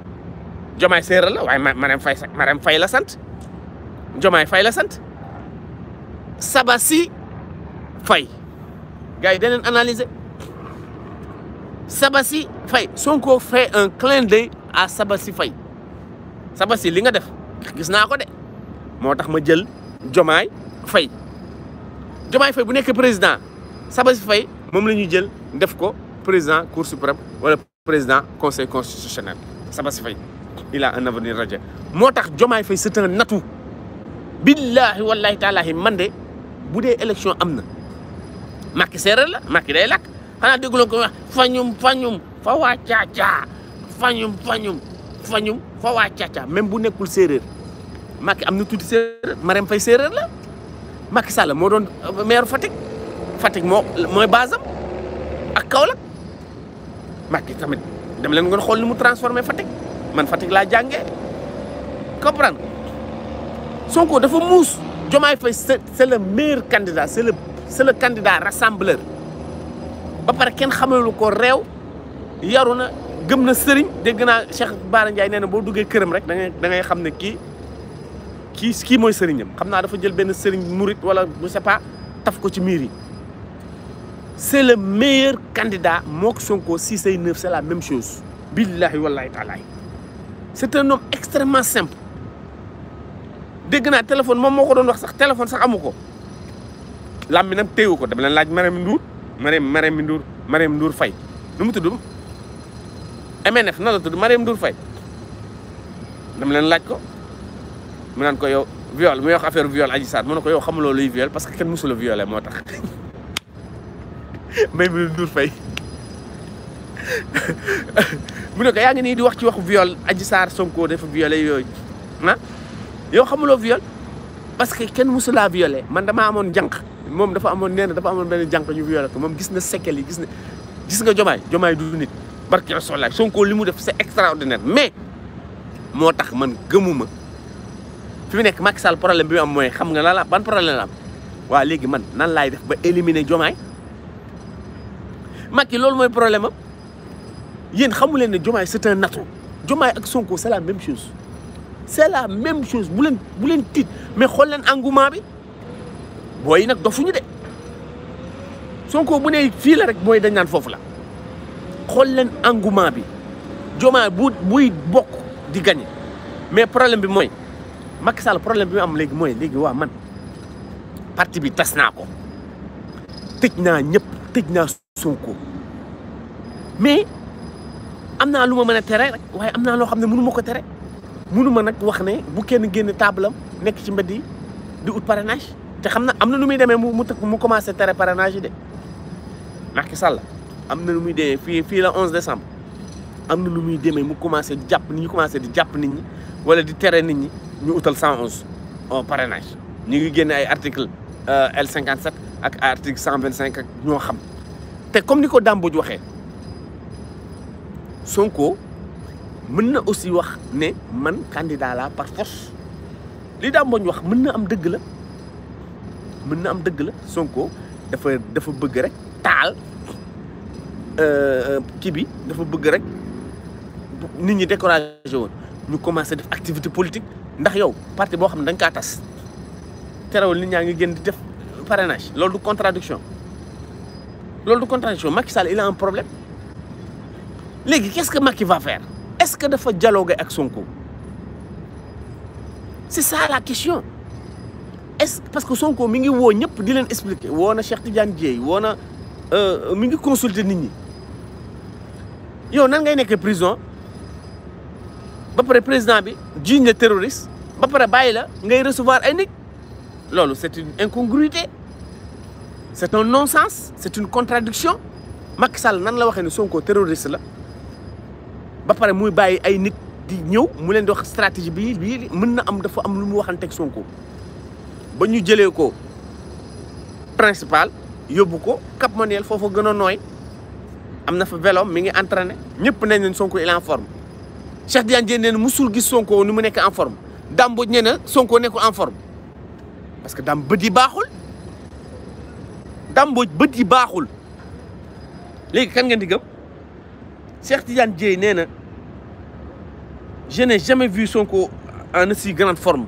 jomaay séeréer la waaye Marème Faye Marème Faye la sant jomaay fay la sant Sabasi fay gars Ils daneen analyser Sabassi Faye Sonko fait un clin d'œil à Sabassi Faye Sabassi li nga def gis naa ko de moo tax ma jël Jomaay Faye Jomaay Faye bu le président Sabassi Faye moom la ñuy jël def président cour suprême wala président conseil constitutionnel Sabassi Faye il a un avenir radieux moo tax Jomaay Faye c'est un natou... Billah wallahi Allah... man de Mande... élection Macky séeréer la Macky day lakk xanaa fanyum, ko fanyum fanyum, fa wa cha cha fañum fañum fañum fa cha cha même bu nekul séeréer Macky amna na tuuti marem Marème Faye la Macky Sall mo don eh, maire Fatick Fatick mo moy basam ak Kaolack Macky tamit dem len ngon xol ni mu transformer Fatick man fatik la jangé comprendre Sonko dafa mousse Diomaye Faye c'est le meilleur candidat c'est le c'est le candidat rassembleur ba pare kenn xamalu ko rew yaruna na gëm na sëriñ dégg naa Cheikh Bara Ndiaye nee na boo duggee rek da ngay da ngay xam ki kii kii kii sëriñam xam dafa jël ben sëriñ mouride wala je sais pas taf ko ci miri c'est le meilleur candidat mok Sonko six ay neuf c'est la même chose billahi wallahi taala c'est un homme extrêmement simple dégg naa téléphone mom moko don wax sax téléphone sax amuko làmminam téewu ko dam leen laaj Marème Ndour Marème Marème Ndour Marème Ndour fay nu mu tudd MNF nan la tudd Marème Ndour Faye dama leen laaj ko mu naan ko yow viol muy wax affaire viol Adji Sarr mu ne ko yow xamuloo luy viol parce que kenn mësula moo tax Marème Ndour Faye mu ne ko yaa ngi nii di wax ci waxu viol Adji Sarr Sonko dafa violé yooyu ah yow xamuloo viol parce que kenn mësulaa violé man damaa amoon jànq moom dafa amoon nee dafa amoon benn jànq ñu violé ko moom gis na séquelles yi gis na gis nga jomaay jomaay du nit barke Rasulaay Sonko li mu def c'est extraordinaire mais moo tax man gëmuma fi mu nekk Macky Sall problème bi mu am mooy xam nga la ban problème la am waaw léegi man nan laay def ba éliminer jomaay Macky loolu mooy problème am yéen xamu leen ne jomaay c'est un nato jomaay ak Sonko c'est la même chose c'est la même chose bu leen bu leen mais xool leen engouement bi booy nag dofuñu de Sonko bu ne fii la rek mooy dañ naan foofu la xool leen engouement bi jomaa bu buy bokk di gagné mais problème bi mooy Macky Sall problème bi am léegi mooy léegi waa man parti bi tas naa ko tëj naa ñëpp tëj naa Sonko mais am naa lu ma mën a tere rek waaye am naa loo xam ne mënu ma ko tere mënu nag wax ne bu kenn génn table am nekk ci mbedd yi di ut parrainage te xam na am na nu muy demee mu mu mu commencé tere parrainage yi de Macky Sall am na nu muy demee fii fii la 11 décembre am na nu muy demee mu commencé jàpp nit ñi commencé di jàpp nit ñi wala di tere nit ñi ñu utal 111 au parenage ñu ngi génne ay article euh, L57 ak article 125 ak ñoo xam te comme ni ko Dambodj waxee Sonko mën na aussi wax ne man candidat la par force li Dambodj wax mën na am dëgg la. mën na am dëgg la Sonko dafa dafa bëgg rek taal euh, kii bi dafa bëgg rek nit commencé def activité politique ndax yow parti boo xam da kaa tas terewul nit gën di def parrainage du contradiction loolu du contradiction Macky Sall il a un problème léegi qu'est-ce que Macky va faire est-ce que dafa dialoguer avec Sonko c'est ça la question est-ce parce que Sonko mi ngi woo ñëpp di leen expliquer woo na Cheikh Tidiane Dieye woo na euh, mi ngi consulter nit ñi yow nan ngay nekkee prison ba pare président bi jiiñ la terroriste ba pare bàyyi la ngay recevoir ay nit loolu c'est une incongruité c'est un non-sens c'est une contradiction Macky Sall nan la waxee ne Sonko terroriste la ba pare muy bàyyi ay nit di ñëw mu leen dox wax stratégie bi bii mën na am dafa am lu mu waxanteeg Sonko. ba ñu ko principal yóbbu ko Cap Manuel fofu gëna noy amna fa vélo mi ngi entraîné ñëpp nañ Sonko il est en forme Cheikh Tidiane Dièye néna musul gis Sonko nu mu nekk en forme dambo Mbodj Sonko nekkul en forme parce que dam bët yi baaxul Dame Mbodj bët yi baaxul kan ngeen di gëm Cheikh Tidiane Dièye néna je n'ai jamais vu Sonko en aussi grande forme.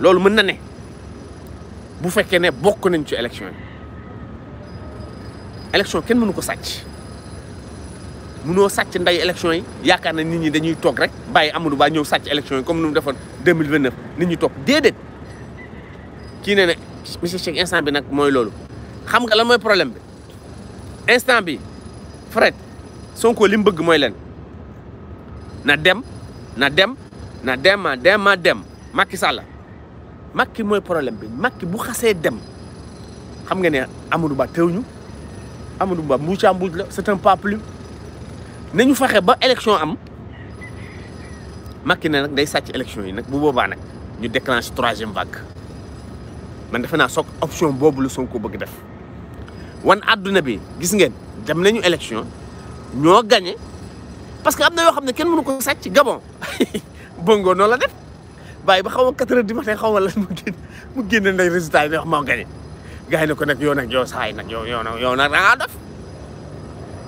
loolu mën na ne bu fekkee ne bokk nañ ci élection yi élection kenn mënu ko sàcc mënoo sacc nday élection yi yaakaar na nit ñi dañuy toog rek bàyyi Amadou Ba ñëw sàcc élection yi comme nu mu defoon deux mille vingt neuf nit ñi toog déedéet kii ne ne monsieur Cheikh instant bi nag mooy loolu. xam nga lan mooy problème bi instant bi Fred Sonko li mu bëgg mooy leen na dem na dem na dem ma dem ma dem Macky Macky mooy problème bi Macky bu xasee dem xam nga ne Amadou Ba teew ñu Amadou Ba mbuucaa la c'est un pas plus nañu fexe ba élection am Macky ne nag day sàcc élection yi nag bu boobaa nag ñu déclenche troisième vague man defe naa soog option boobu la Sonko bëgg def wan àdduna bi gis ngeen dem nañu élection ñoo gagné parce que am na yoo xam ne kenn mënu ko sàcc Gabon Bongo noonu la def baye ba xawma 4 quatre du matin xawma ma lan mu génn mu génn nday résultat yi wax moo gagné gars yi ne ko nag yow nak yow say nak yow yow nag yow da nga def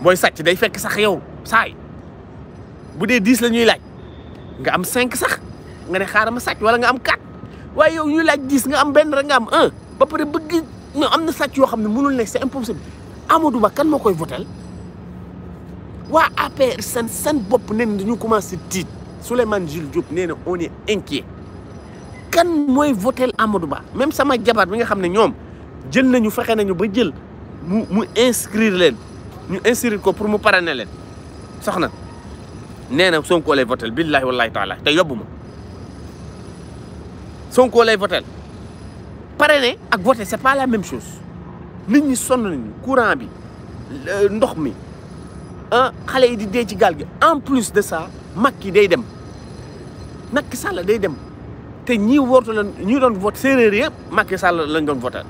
booy satch day fekk sax yow say bu dé 10 la ñuy laaj nga am 5 sax nga né xaaral satch wala nga am 4 way yow ñuy laaj 10 nga am ben rek nga am 1 ba paré bëgg ñu am na sàcc yoo mënul nek c'est impossible Amadou Ba kan mo koy votel wa APR san seen bop nee na dañu commencé tit Souleymane Jules Diop nee on est inquiet kan moy voter Amadou Ba même sama jabar bi nga xamné ñom jël nañu fexé nañu ba jël mu mu inscrire leen ñu inscrire ko pour mu parrainer leen soxna néna na Sonko lay voter billahi wallahi taala té yobuma ma Sonko lay voter parrainer ak voter c'est pas la même chose nit ñi sonn nañu courant bi euh, ndox mi ah xalé yi di dé ci gal gi en plus de ça makki day dem Macky Sall day dem te ñi wartu la ñi doon vote séréer yëpp Macky Sall lañ doon voté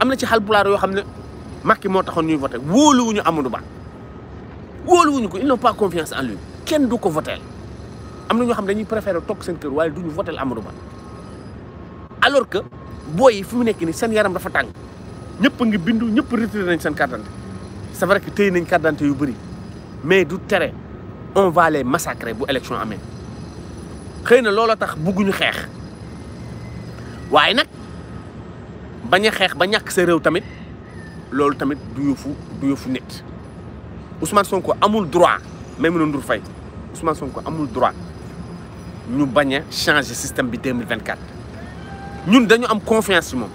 am na ci Haalpulaar yoo xam ne Macky moo taxoon ñuy voté wóoluwuñu Amadou Ba wóoluwuñu ko ils n'ont pas confiance en lui kenn du ko voté am na ñoo xam dañuy préféré toog seen kër waaye duñu voté Amadou Ba alors que boy yi fi mu nekk nii seen yaram dafa tàng ñëpp a ngi bindu ñëpp retiré nañ seen carte d'identité c'est vrai que téye nañ carte yu bëri mais du tere on va les massacrer bu élection amee. xëy na loola tax bugguñu xeex waaye nag bañ a xeex ba ñàkk sa réew tamit loolu tamit du yëfu du yëfu nit Ousmane Sonko amul droit Maïmouna Ndour Faye Ousmane Sonko amul droit ñu bañ a changer système bi 2024 ñun dañu am confiance ci moom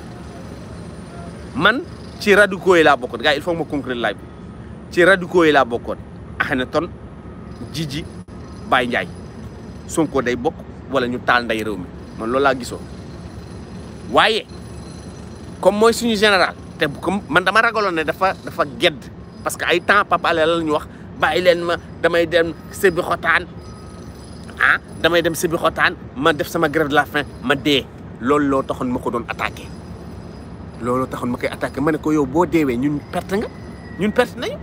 man ci radicaux yi la bokkoon gars il faut ma conclure laaj bi ci radicaux yi laa bokkoon Akhenaton Jiji Baye Ndiaye Sonko day bokk wala ñu taal nday réew mi man loolu laa gisoo waaye comme mooy suñu général te comme man dama ragaloon ne dafa dafa gedd parce que ay temps Pape Alé la ñu wax bàyyi leen ma damay dem sëbi xotaan ah damay dem sëbi xotaan ma def sama grève la faim ma dee loolu loo taxoon ma ko doon attaqué looloo taxoon ma koy attaqué ma ne ko yow boo deewee ñun perte nga ñun perte nañu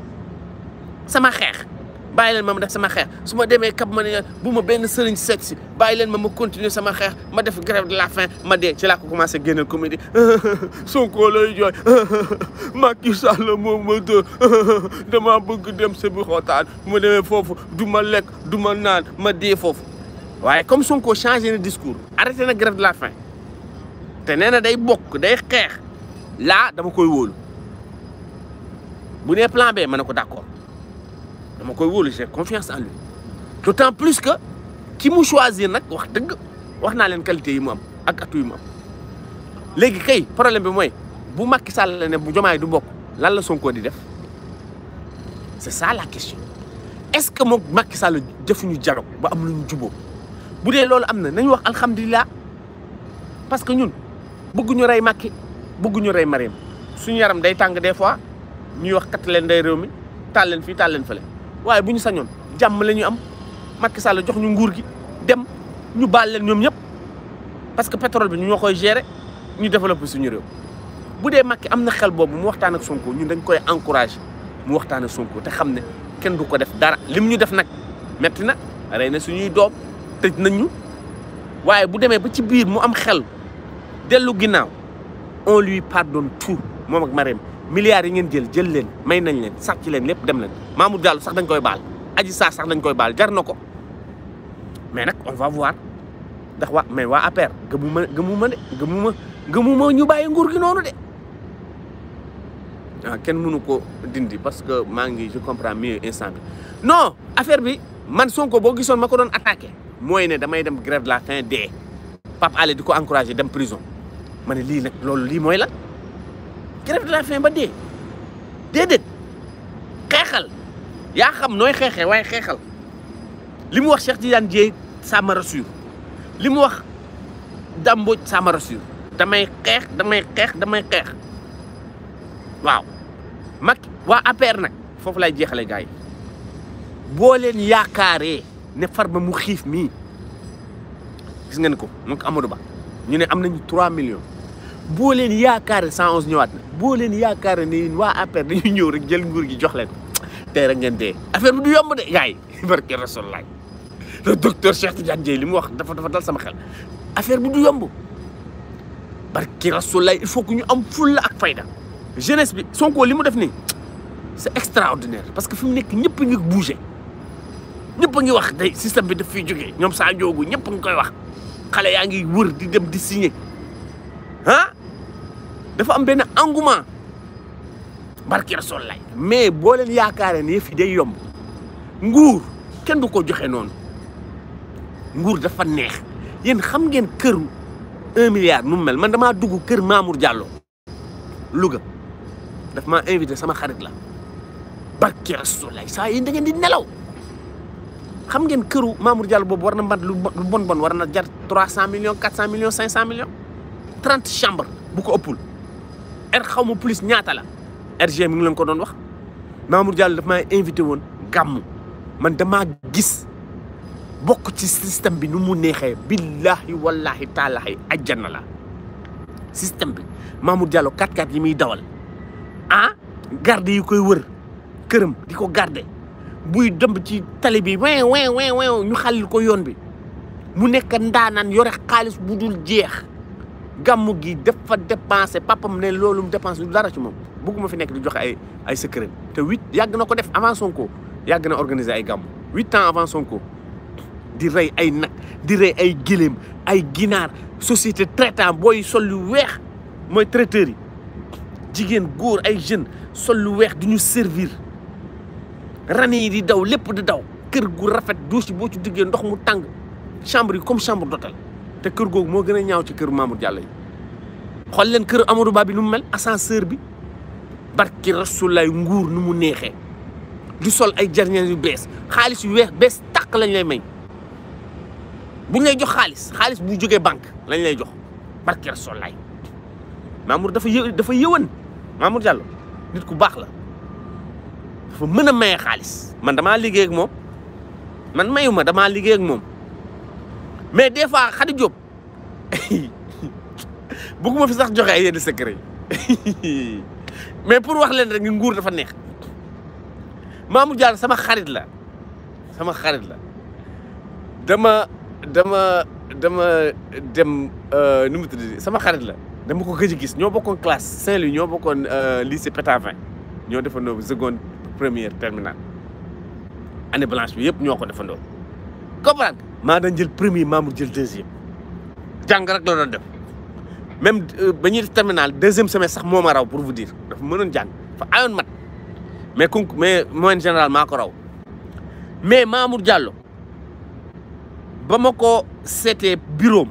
sama xeex bàyyi leen ma ma def sama xeex su ma demee kap ma ne bu ma benn sëriñ sexy bàyyi leen ma ma continuer sama xeex ma def grève de la faim ma dee ci laa ko commencé génneel comédie Sonko lay jooy Macky Sall moom ma dóor dama bëgg dem sa bi ma demee foofu du ma lekk du ma naan ma dee foofu waaye comme Sonko changé na discours arrêté na grève de la faim te nee na day bokk day xeex laa dama koy wóolu bu nee plan B ma ne ko d'accord dama koy wóolu j'ai confiance en lui Tout en plus que qui mu choisi nag wax dëgg wax naa leen qualité yi mu am ak atu yi mu am léegi kay problème bi mooy bu Macky Sall la ne bu Diomaye du bokk lan la Sonko di def c'est ça la question est-ce que moom Macky Sall jëfuñu dialogue ba am lu ñu juboo bu dee loolu am na nañu wax alhamdulilah parce que ñun bëgguñu rey Macky bëgguñu rey Mariam suñu yaram day tàng des fois ñuy wax kat leen day réew mi taal leen fii taal leen fële waaye bu ñu sañoon jàmm la ñu am makki Sall jox ñu nguur gi dem ñu baal leen ñoom ñëpp parce que pétrole bi ñu ñoo koy gérer ñu développé suñu réew. bu dee Macky am na xel boobu mu waxtaan ak Sonko ñun dañ koy encourage mu waxtaan ak Sonko te xam ne kenn du ko def dara lim ñu def nag metti na rey na suñuy doom tëj nañ waaye bu demee ba ci biir mu am xel dellu ginnaaw on lui pardonne tout moom ak Marème milliards yi ngeen jël jël leen may nañ leen sàcc leen lépp dem leen Mamour Diallo sax dañ koy baal Adji Sarr sax dañ koy baal jar na ko mais nag on va voir ndax waa mais waa APR gëmuma gëmuma de gëmuma gëmuma ñu bàyyi nguur gi noonu de ah kenn mënu ko dindi parce que maa ngi je comprends mieux instant bi non affaire bi man Sonko boo gisoon ma ko doon attaqué mooy ne damay dem grève de la faim dee pap Alé di ko encouragé dem prison ma ne lii nag loolu lii mooy lan grève de la faim ba dee déedéet xeexal yaa xam nooy xeexee waaye xeexal li mu wax Cheikh Tidiane Dièye ça me rassure li mu wax Dame Mbodj ça damay xeex damay xeex damay xeex waaw mag waa APR nag foofu lay jeexale gars yi boo leen yaakaaree ne Farba mu xiif mii gis ngeen ko moom Amadou Ba ñu ne am nañu 3 millions boo leen yaakaaree 111 ñëwaat na. bo len yakar ni wa APR dañu ñew rek jël nguur gi jox len tey rek ngeen dé affaire bu du yomb dé gars yi barke rasulaay le docteur Cheikh Tidiane Dieye li wax dafa dafa dal sama xel affaire bu du yomb barke rasulaay il faut que ñu am fulla ak fayda jeunesse bi Sonko li mu def ni c'est extraordinaire parce que fi nek ñepp ñëpp ngi bougé ñëpp ngi wax day système bi daf fiy jógee ñoom saa joogu ñëpp ngi koy wax xalé yaangi wër di dem di signer hein dafa am benn engouement barki rasul lay mais boo leen yaakaaree ne fi yomb nguur kenn du ko joxe noonu nguur dafa neex yéen xam ngeen këru un milliard nu mel man damaa dugg kër Mamour Diallo Louga daf maa invité sama xarit la barki rasul lay saa yéen da ngeen di nelaw xam ngeen këru Mamour Diallo boobu war na mbat lu bon bon war na jar trois cent millions quatre cent millions cinq cent millions trente chambres bu ko ëppul R xaw ma plus ñaata la RG mu ngi leen ko doon wax Mamour Diallo daf maa invité woon gàmmu man damaa gis bokk ci système bi nu mu neexee billahi wallahi taalahi ajjana la système bi Mamour Diallo 4-4 yi muy dawal ah garde yi koy wër këram di ko garde buy dëmb ci tali bi we we we ñu xalil ko yoon bi mu nekk ndaanaan yore xaalis bu dul jeex gàmmu gi dafa dépensé papam ne loolu mu dépense lu dara ci moom bëgguma fi nekk di joxe ay ay secret te huit yàgg na ko def avant Sonko yàgg na organiser ay gàmmu huit ans avant Sonko di rey ay nag di rey ay giléem ay ginaar société traitant booy sol lu weex mooy traiteurs yi jigéen góor ay jeunes sol lu weex du ñu servir rane yi di daw lépp di daw kër gu rafet si boo ci diggee ndox mu tàng chambre yi comme chambre d'hôtel te kër gog mo gëna ñaaw ci kër Mamour Diallo yi xool leen kër Amadou babbi nu mel ascenseur bi barki rasulaay nguur nu mu nexé du sol ay jarñeen yu bes xaliss yu weex bes tak lañ lay may buñ lay jox xaliss xaliss bu joggé bank lañ lay jox barki rasulaay Mamour dafa dafa yewon Mamour Diallo nit ku bax la dafa mëna maye man dama liggé ak mom man mayuma dama liggé ak mom mais des fois Khady Diop bëgguma fi sax joxe ay yenn secret mais pour wax leen rek nguur dafa neex Mamour Diallo sama xarit la sama xarit la dama dama dama dem euh, nu mu tudd sama xarit la dama ko gëj gis ñoo bokkoon classe Saint-Louis ñoo bokkoon euh, lycée Pétavin ñoo defandoo seconde première terminale année blanche bi yëpp ñoo ko defandoo. Je suis le premier, premier suis le deuxième Je le même euh, terminal deuxième semestre sax moo pour vous dire dafa mënoon je fa mais mais moi en général, raw mais Mamour Diallo ba ma bureau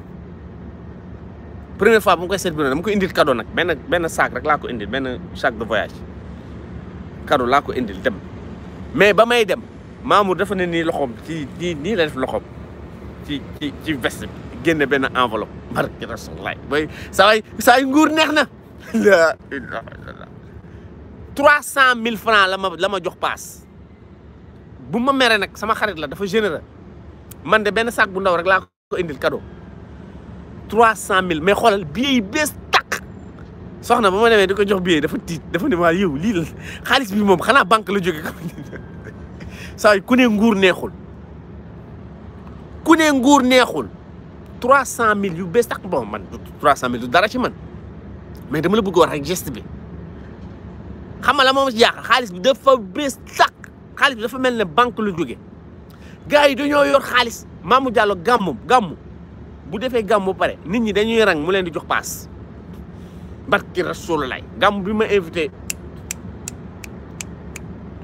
première fois je je koy bureau dama suis cadeau je ben, ben sac rek laa ko sac de voyage cadeau là, ko dem mais ba may Mamour dafa ne nii loxoom ci nii nii la def loxoom ci ci ci génne benn enveloppe barki rasulaay booy saa yi nguur neex na la trois cent mille francs la ma la jox paas bu ma mere nag sama xarit la dafa généreux man de benn sac bu ndaw rek laa ko indil cadeau trois cent mille mais xoolal billet yi bees tàq soxna ba ma demee di ko jox billet dafa tiit dafa ne ma yow lii la xaalis bi moom xanaa banque la jóge saa ku ne nguur neexul ku ne nguur neexul trois cent mille yu bees tax bon man trois cent mille du dara ci man mais dama la bëgg wax rek geste bi xam nga la moom ci jaaxal xaalis bi dafa bees tax xaalis bi dafa mel ne banque lu jóge gars yi dañoo yor xaalis Mamou Diallo gàmmu gàmmu bu defee gàmm bu pare nit ñi dañuy rang mu leen di jox paas barki Rasulullah gàmm bi ma invité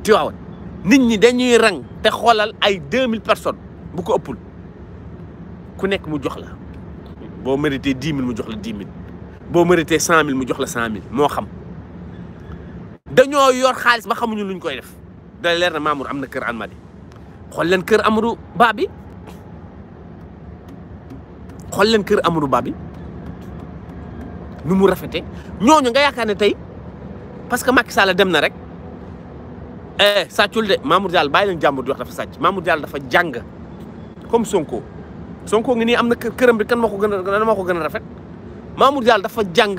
Tiwaawan nit ñi dañuy rang te xoolal ay 2000 personnes bu ko ëppul ku nekk mu jox la boo mérité 10 mu jox la 10 000 mérité 100 mu jox la 100 000 xam dañoo yor xaalis ba xamuñu luñ koy def da leer na Mamour am kër Almadi xool leen kër Amadou Ba bi leen kër Amadou Ba nu mu rafete ñooñu nga yaakaar ne parce que Macky Sall dem na rek. eh sàccul de Mamour Diallo bàyyi leen jàmbur di wax dafa sàcc Mamour Diallo dafa jàng comme Sonko Sonko ngi nii am na kër këram bi kan moo ko gën a moo ko gën a rafet Mamour Diallo dafa jàng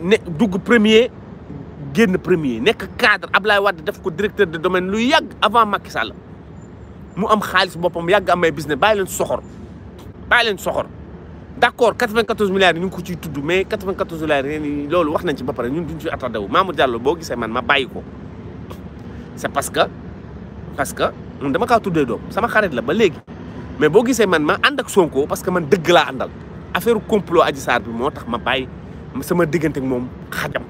ne dugg premier génn premier nekk cadre Ablaye Wade def ko directeur de domaine lu yàgg avant Macky Sall mu am xaalis boppam yàgg am ay business bàyyi leen soxor bàyyi leen soxor d' accord 94 ko ciy tudd mais 94 milliards yi loolu wax nañ ci ba pare ñun duñ ci attardé wu Mamour Diallo boo gisee man ma bàyyi ko. c'est parce que parce que man dama kaa tuddee doom sama xarit la ba léegi mais boo gisee man ma ànd ak Sonko parce que man dëgg laa àndal affaire complo Adji saar bi moo tax ma bàyyi sama diggante moom xajam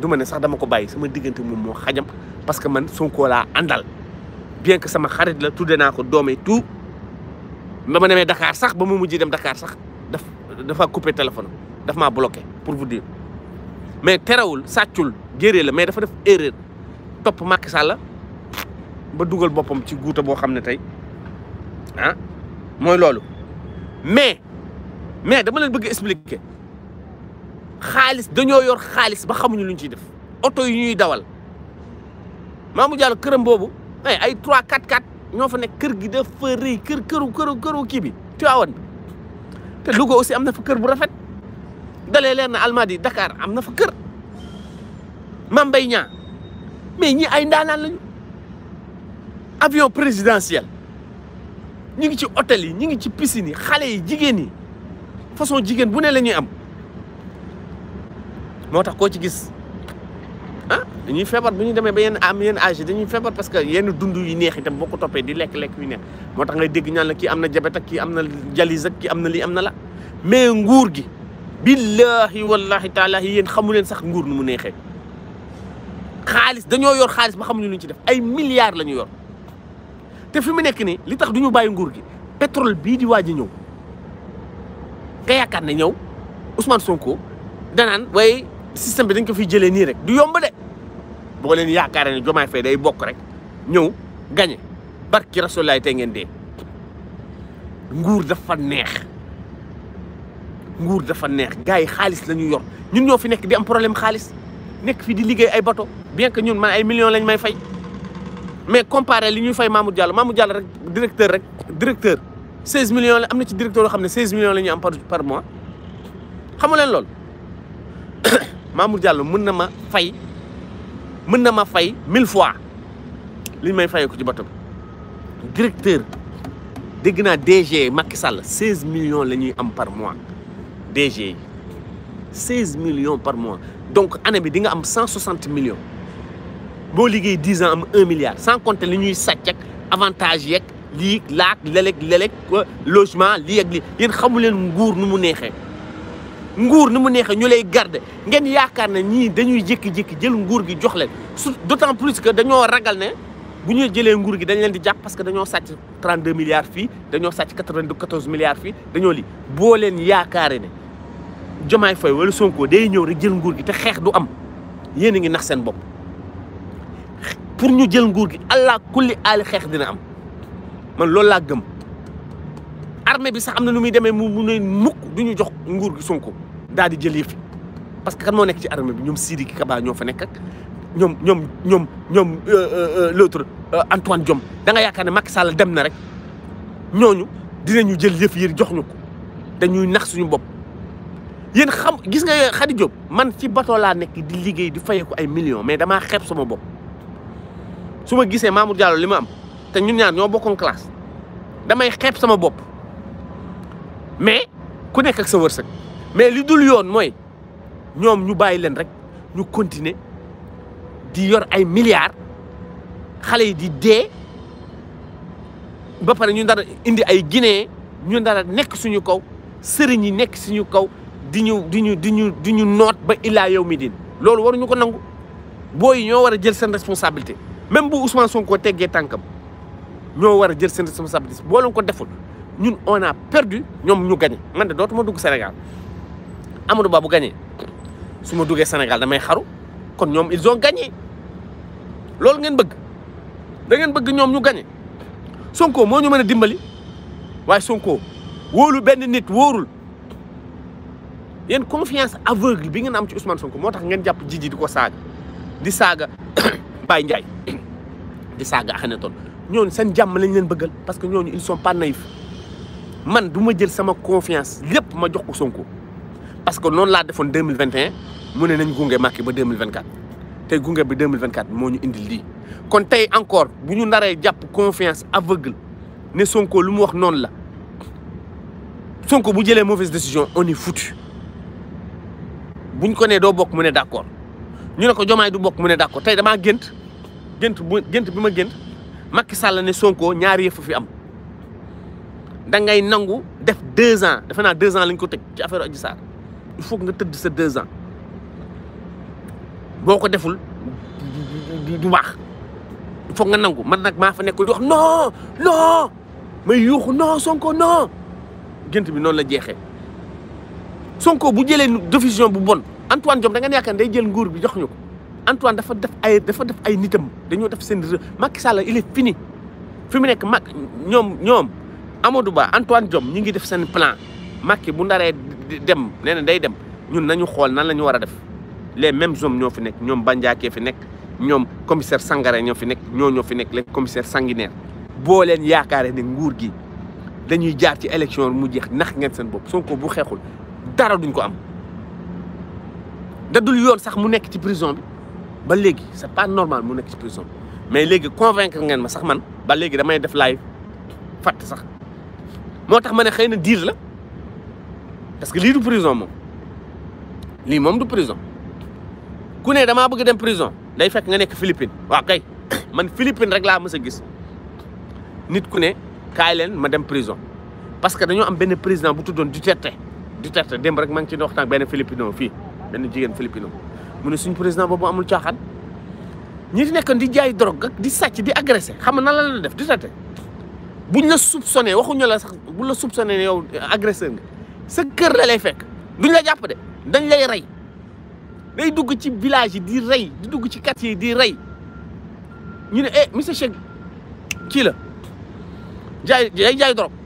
du ma ne sax dama ko bàyyi sama diggante moom moo xajam parce que man Sonko laa àndal bien que sama xarit la tuddee naa ko doomee tout ba ma demee Dakar sax ba mu mujj dem dakaar sax daf dafa coupé téléphone daf ma bloqué pour vous dire mais terewul sàccul géeree la mais dafa def erreur. top Macky Sall ba duggal bopam ci goute bo xamne tay han ah, moy lolu mais mais dama len bëgg expliquer xaliss dañu yor xaliss ba xamuñu luñ ci def auto yi ñuy dawal Mamour Diallo kërëm bobu ay ay 3 4 4 ño fa nek kër gi da fa reuy kër këru këru këru ki bi tu awon te Louga aussi amna fa kër bu rafet dalé leer Almadi Dakar amna fa kër Mame Mbaye Niang mais ñi ay ndaanaan lañu avion présidentiel ñu ngi ci hôtel yi ñu ngi ci piscine yi xale yi jigéen yi façon bu ne la am moo tax ci gis ah dañuy feebar bu ñu demee ba yenn am yenn âge dañuy feebar parce que yenn dund yu neex itam boo ko di lek lek yu neex moo tax ngay dégg ñaan la ki amna jabet ak kii am jalis ak kii la mais nguur gi billahi wallahi taala yéen xamu leen sax nguur nu mu xaalis dañoo yor xaalis ba xamnu ñu ci def ay milliards lañu yor té fi mu nekk nii li tax duñu bayyi nguur gi pétrole bi di waji ñew ka yakkar na ñew Ousmane Sonko nan way système bi dañ ko fi jëlé ni rek du yomb de bo leen yakkar ni jomay fay day bok rek ñew gagné barki rasulallah té ngeen dé nguur dafa neex nguur dafa neex gars yi lañu yor ñun ñoo fi nekk di am problème xaalis. nek fi di liggéey ay bato bien que ñun man ay millions lañ may fay mais comparé li ñuy fay Mamour Diallo Mamour Diallo rek directeur rek directeur 16 millions la amna ci directeur lo xam 16 millions lañu am par par mois xamu leen loolu Mamour Diallo mën na ma fay mën na ma fay 1000 fois li may fay ko ci bato directeur dégg naa DG Macky Sall 16 millions la ñuy am par mois DG 16 millions par mois donc année bi di nga am 160 millions boo liggéey 10 ans am un milliard sans compter li ñuy avantages, ak avantage les lii les lelek lelek logement lii ak lii yéen xamu leen nguur nu mu neexee nguur nu mu nexe ñu lay garde ngeen yaakar na ñi dañuy jekki jekki jël nguur gi jox leen d'autant plus que dañoo ragal ne bu ñu jëlee nguur gi dañ leen di jàpp parce que dañoo sàcc 32 milliards fii dañoo sàcc 94 milliards fii dañoo li boo leen yaakaare ne Jomaay Faye wala Sonko day ñëw rek jël nguur gi te xeex du am yéen a ngi nax seen bopp pour ñu jël nguur gi allah kulli aali xeex dina am man loolu laa gëm armée bi sax am na nu muy demee mu mu ne mukk du ñu jox nguur gi Sonko daal di jël yëfi parce que kan nekk ci armée bi ñoom Sidiki Kaba ñoo fa nekk ak ñoom ñoom ñoom ñoom euh, euh, euh, l'autre Antoine Diome da nga yaakaar ne Macky Sall dem na rek ñooñu dina ñu jël yëf yi jox ñu ko dañuy nax suñu bopp. yéen xam gis nga Khady jóg man ci bateau laa nekk di liggéey di fayeku ay million mais damaa xeeb sama bopp su ma gisee Mamour Diallo li ma am te ñun ñaar ñoo bokkoon classe damay xeeb sama bopp mais ku nekk ak sa wërsëg mais lu dul yoon mooy ñoom ñu bàyyi leen rek ñu continuer di yor ay milliards xale yi di dee ba pare ñu dara indi ay Guinée ñu dara nekk suñu kaw sëriñ yi nekk suñu kaw. di ñu di ñu di ñu di ñu noot ba illaa yow mi din loolu ñu ko nangu booy ñoo war a jël seen responsabilité même bu Ousmane Sonko teggee tànkam ñoo war a jël seen responsabilité boo leen ko deful ñun on a perdu ñoom ñu gagné man de dootuma dugg Sénégal Amadou Ba bu gagné su ma duggee Sénégal damay xaru kon ñoom ils ont gagné loolu ngeen bëgg da ngeen bëgg ñoom ñu gagné Sonko moo ñu mën a dimbali waaye Sonko wóolu benn nit wóorul. yéen confiance aveugle bi ngeen am ci Ousmane Sonko moo tax ngeen jàpp jiji di ko saaga di saaga Baye Ndiaye di saaga ne Akhenaton ñooñu seen jàmm lañ leen bëggal parce que ñooñu ils sont pas naïfs man du ma jël sama confiance lépp ma jox ko Sonko parce que noonu laa defoon deux mille vingt et mu ne nañ gunge Macky ba deux mille vingt quatre tey gunge bi deux mille vingt quatre moo ñu indi lii. kon tey encore bu ñu naree jàpp confiance aveugle ne Sonko lu mu wax noonu la Sonko bu jëlee mauvaise décision on est foutu. bu buñ ko nee doo bokk mu ne d'accord ñu ne ko jomaay du bokk mu ne d'accord tey damaa gént gént bu gént bi ma gént Macky Sall ne Sonko ñaari yëf fi am da ngay nangu def deux ans defe naa deux ans lañ ko tëj ci affaire Adji Sarr il faut nga tëdd sa deux ans boo ko deful du baax il faut nga nangu man nag maa fa nekkul di wax non non may yuuxu non Sonko non gént bi noonu la jeexee. Sonko bu jëlee décision bu bon Antoine Diome danga ngeen yaakaar day jël nguur bi jox ñu ko Antoine dafa def ay dafa def ay nitam dañoo def seen Macky Sall il est fini fi mu nekk Macky ñoom ñoom Amadou Ba Antoine Diome ñu ngi def seen plan Macky bu ndaree dem nee na day dem ñun nañu xool nan la ñu war a def les mêmes some ñoo fi nekk ñoom Bandiaké fi nekk ñoom commissaire Sangaré ñoo fi nekk ñoo ñoo fi nekk les commissaires sanguinaires boo leen yaakaaree ne nguur gi dañuy jaar ci élection mu jeex nax ngeen seen bopp Sonko bu xeexul dara duñ ko am dadul yoon sax mu nekk ci prison bi ba léegi c'est pas normal mu nekk ci prison mais léegi convaincre ngeen ma sax man ba léegi damay def live fàtt sax moo tax ma ne xëy na diir la parce que lii du prison moom lii moom du prison ku ne dama bëgg dem prison day fekk nga nekk Philippine waaw kay man Philippine rek laa mës a gis nit ku ne kaay leen ma dem prison parce que dañoo am benn président bu tuddoon Duterte Duterte démb rek maa ngi ci waxtaan ak benn Filipino fii benn jigéen Filipino mu ne suñu président boobu amul caaxaan ñi fi nekk di jaay drogue ak di sàcc di agressé xam na lan la def Duterte buñ la soupçonné waxuñu la sax buñ la soupçonné ne yow agresseur nga sa kër la lay fekk duñ la jàpp de dañ lay rey day dugg ci village yi di rey di dugg ci quartier yi di rey ñu ne eh monsieur Cheikh kii la jaay jaay drogue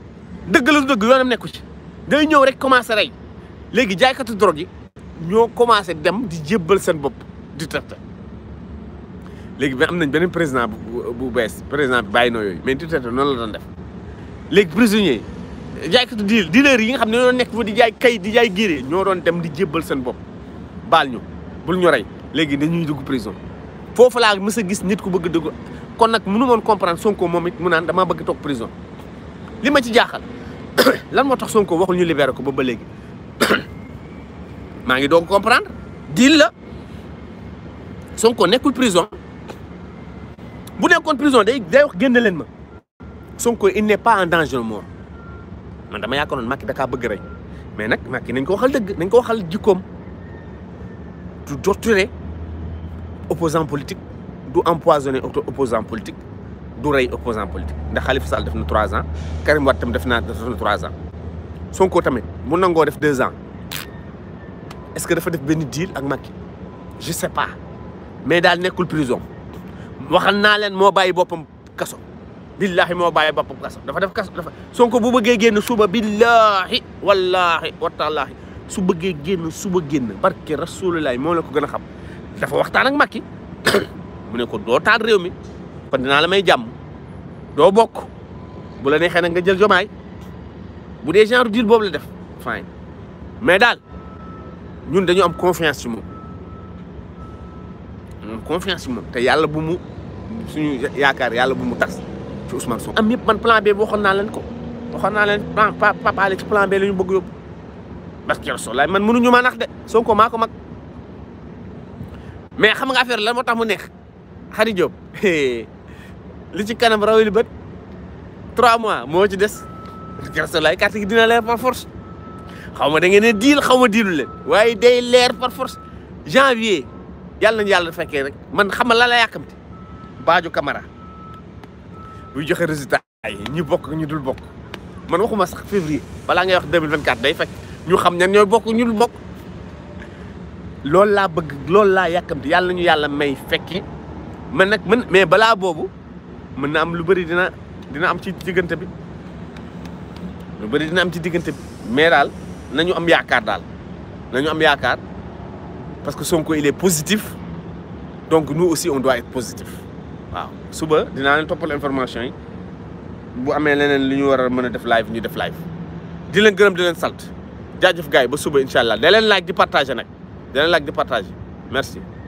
dëgg la dëgg yoonam nekku ci. day ñëw rek commencé rey léegi jaaykatu doro ji ñoo commencé dem di jëbbal seen bopp di traité léegi bi am nañ beneen président bu bu bees président bi bàyyi noo yooyu mais di traité noonu la doon def léegi prisonnier yi di di dealer yi nga xam ne ñoo nekk fa di jaay kay di jaay géere ñoo doon dem di jébbal seen bopp baal ñu bul ñu rey léegi ñuy dugg prison foofu laa mës a gis nit ku bëgg dugg kon nag munu moon comprendre Sonko moom it mu naan dama bëgg toog prison li ma ci jaaxal lan moo Sonko waxul ñu libérer ko ba ba ngi comprendre dil la Sonko en prison bu en prison day day wax ma Sonko il n'est pas en danger mort man dama makki da mais nak makki nañ ko waxal dëgg nañ ko waxal du opposant politique du empoisonner opposant politique du rey opposant politique ndax Khalifa Sall def na trois ans Karim Wade tam def naa na trois ans Sonko tamit mu nango def 2 ans est-ce que dafa def ben deal ak Macky je sais pas mais dal nekul prison waxal na len mo baye bopam kasso billahi mo baye bopam kasso dafa def kasso dafa Sonko bu beugé génn suba billahi wallahi wa watallaahi su beugé génn suba génn barke rasulilahi mo la ko gëna xam dafa waxtaan ak Macky mu ne ko doo taal réew mi kon dinaa la may jam do bok bu la neexee nag nga jël jomay bu dé genre dil boobu la def fine mais dal ñun dañu am confiance ci moom am confiance ci moom te yalla bu mu suñu yaakar yalla bu mu tax ci Ousmane Sonko. am yépp man plan B waxoon na leen ko waxoon na leen plan Papa Alé ci plan B lañu bëgg yóbbu parce que Rasulaay man ñu ma nax dé Sonko mako mak mais xam nga affaire lan moo tax mu nekh Khady Diop li ci kanam raw li bët trois mois moo ci des rasulaay carte gi dina leer par force xaw ma da ngeen ne diil xaw ma diilu leen waaye day leer par force janvier yàlla nañu yàlla fekkee rek man xam la la yàkkamti Badio kamara buy joxe résultat yi ñu bokk ñu dul bokk man waxuma sax février balaa ngay wax 2024 day fekk ñu xam ñan ñooy bokk ñu dul bokk loolu laa bëgg loolu laa yàkkamti yàlla nañu yàlla may fekki man nag man mais balaa boobu Je suis lu bëri dina dina am ci diggante bi lu dina am ci diggante bi mais daal nañu am nañu am parce que Sonko il est positif donc nous aussi on doit être positif waaw suba dina leen information bu ñu a def live ñu def live di leen gërëm di like di partager like di partager merci.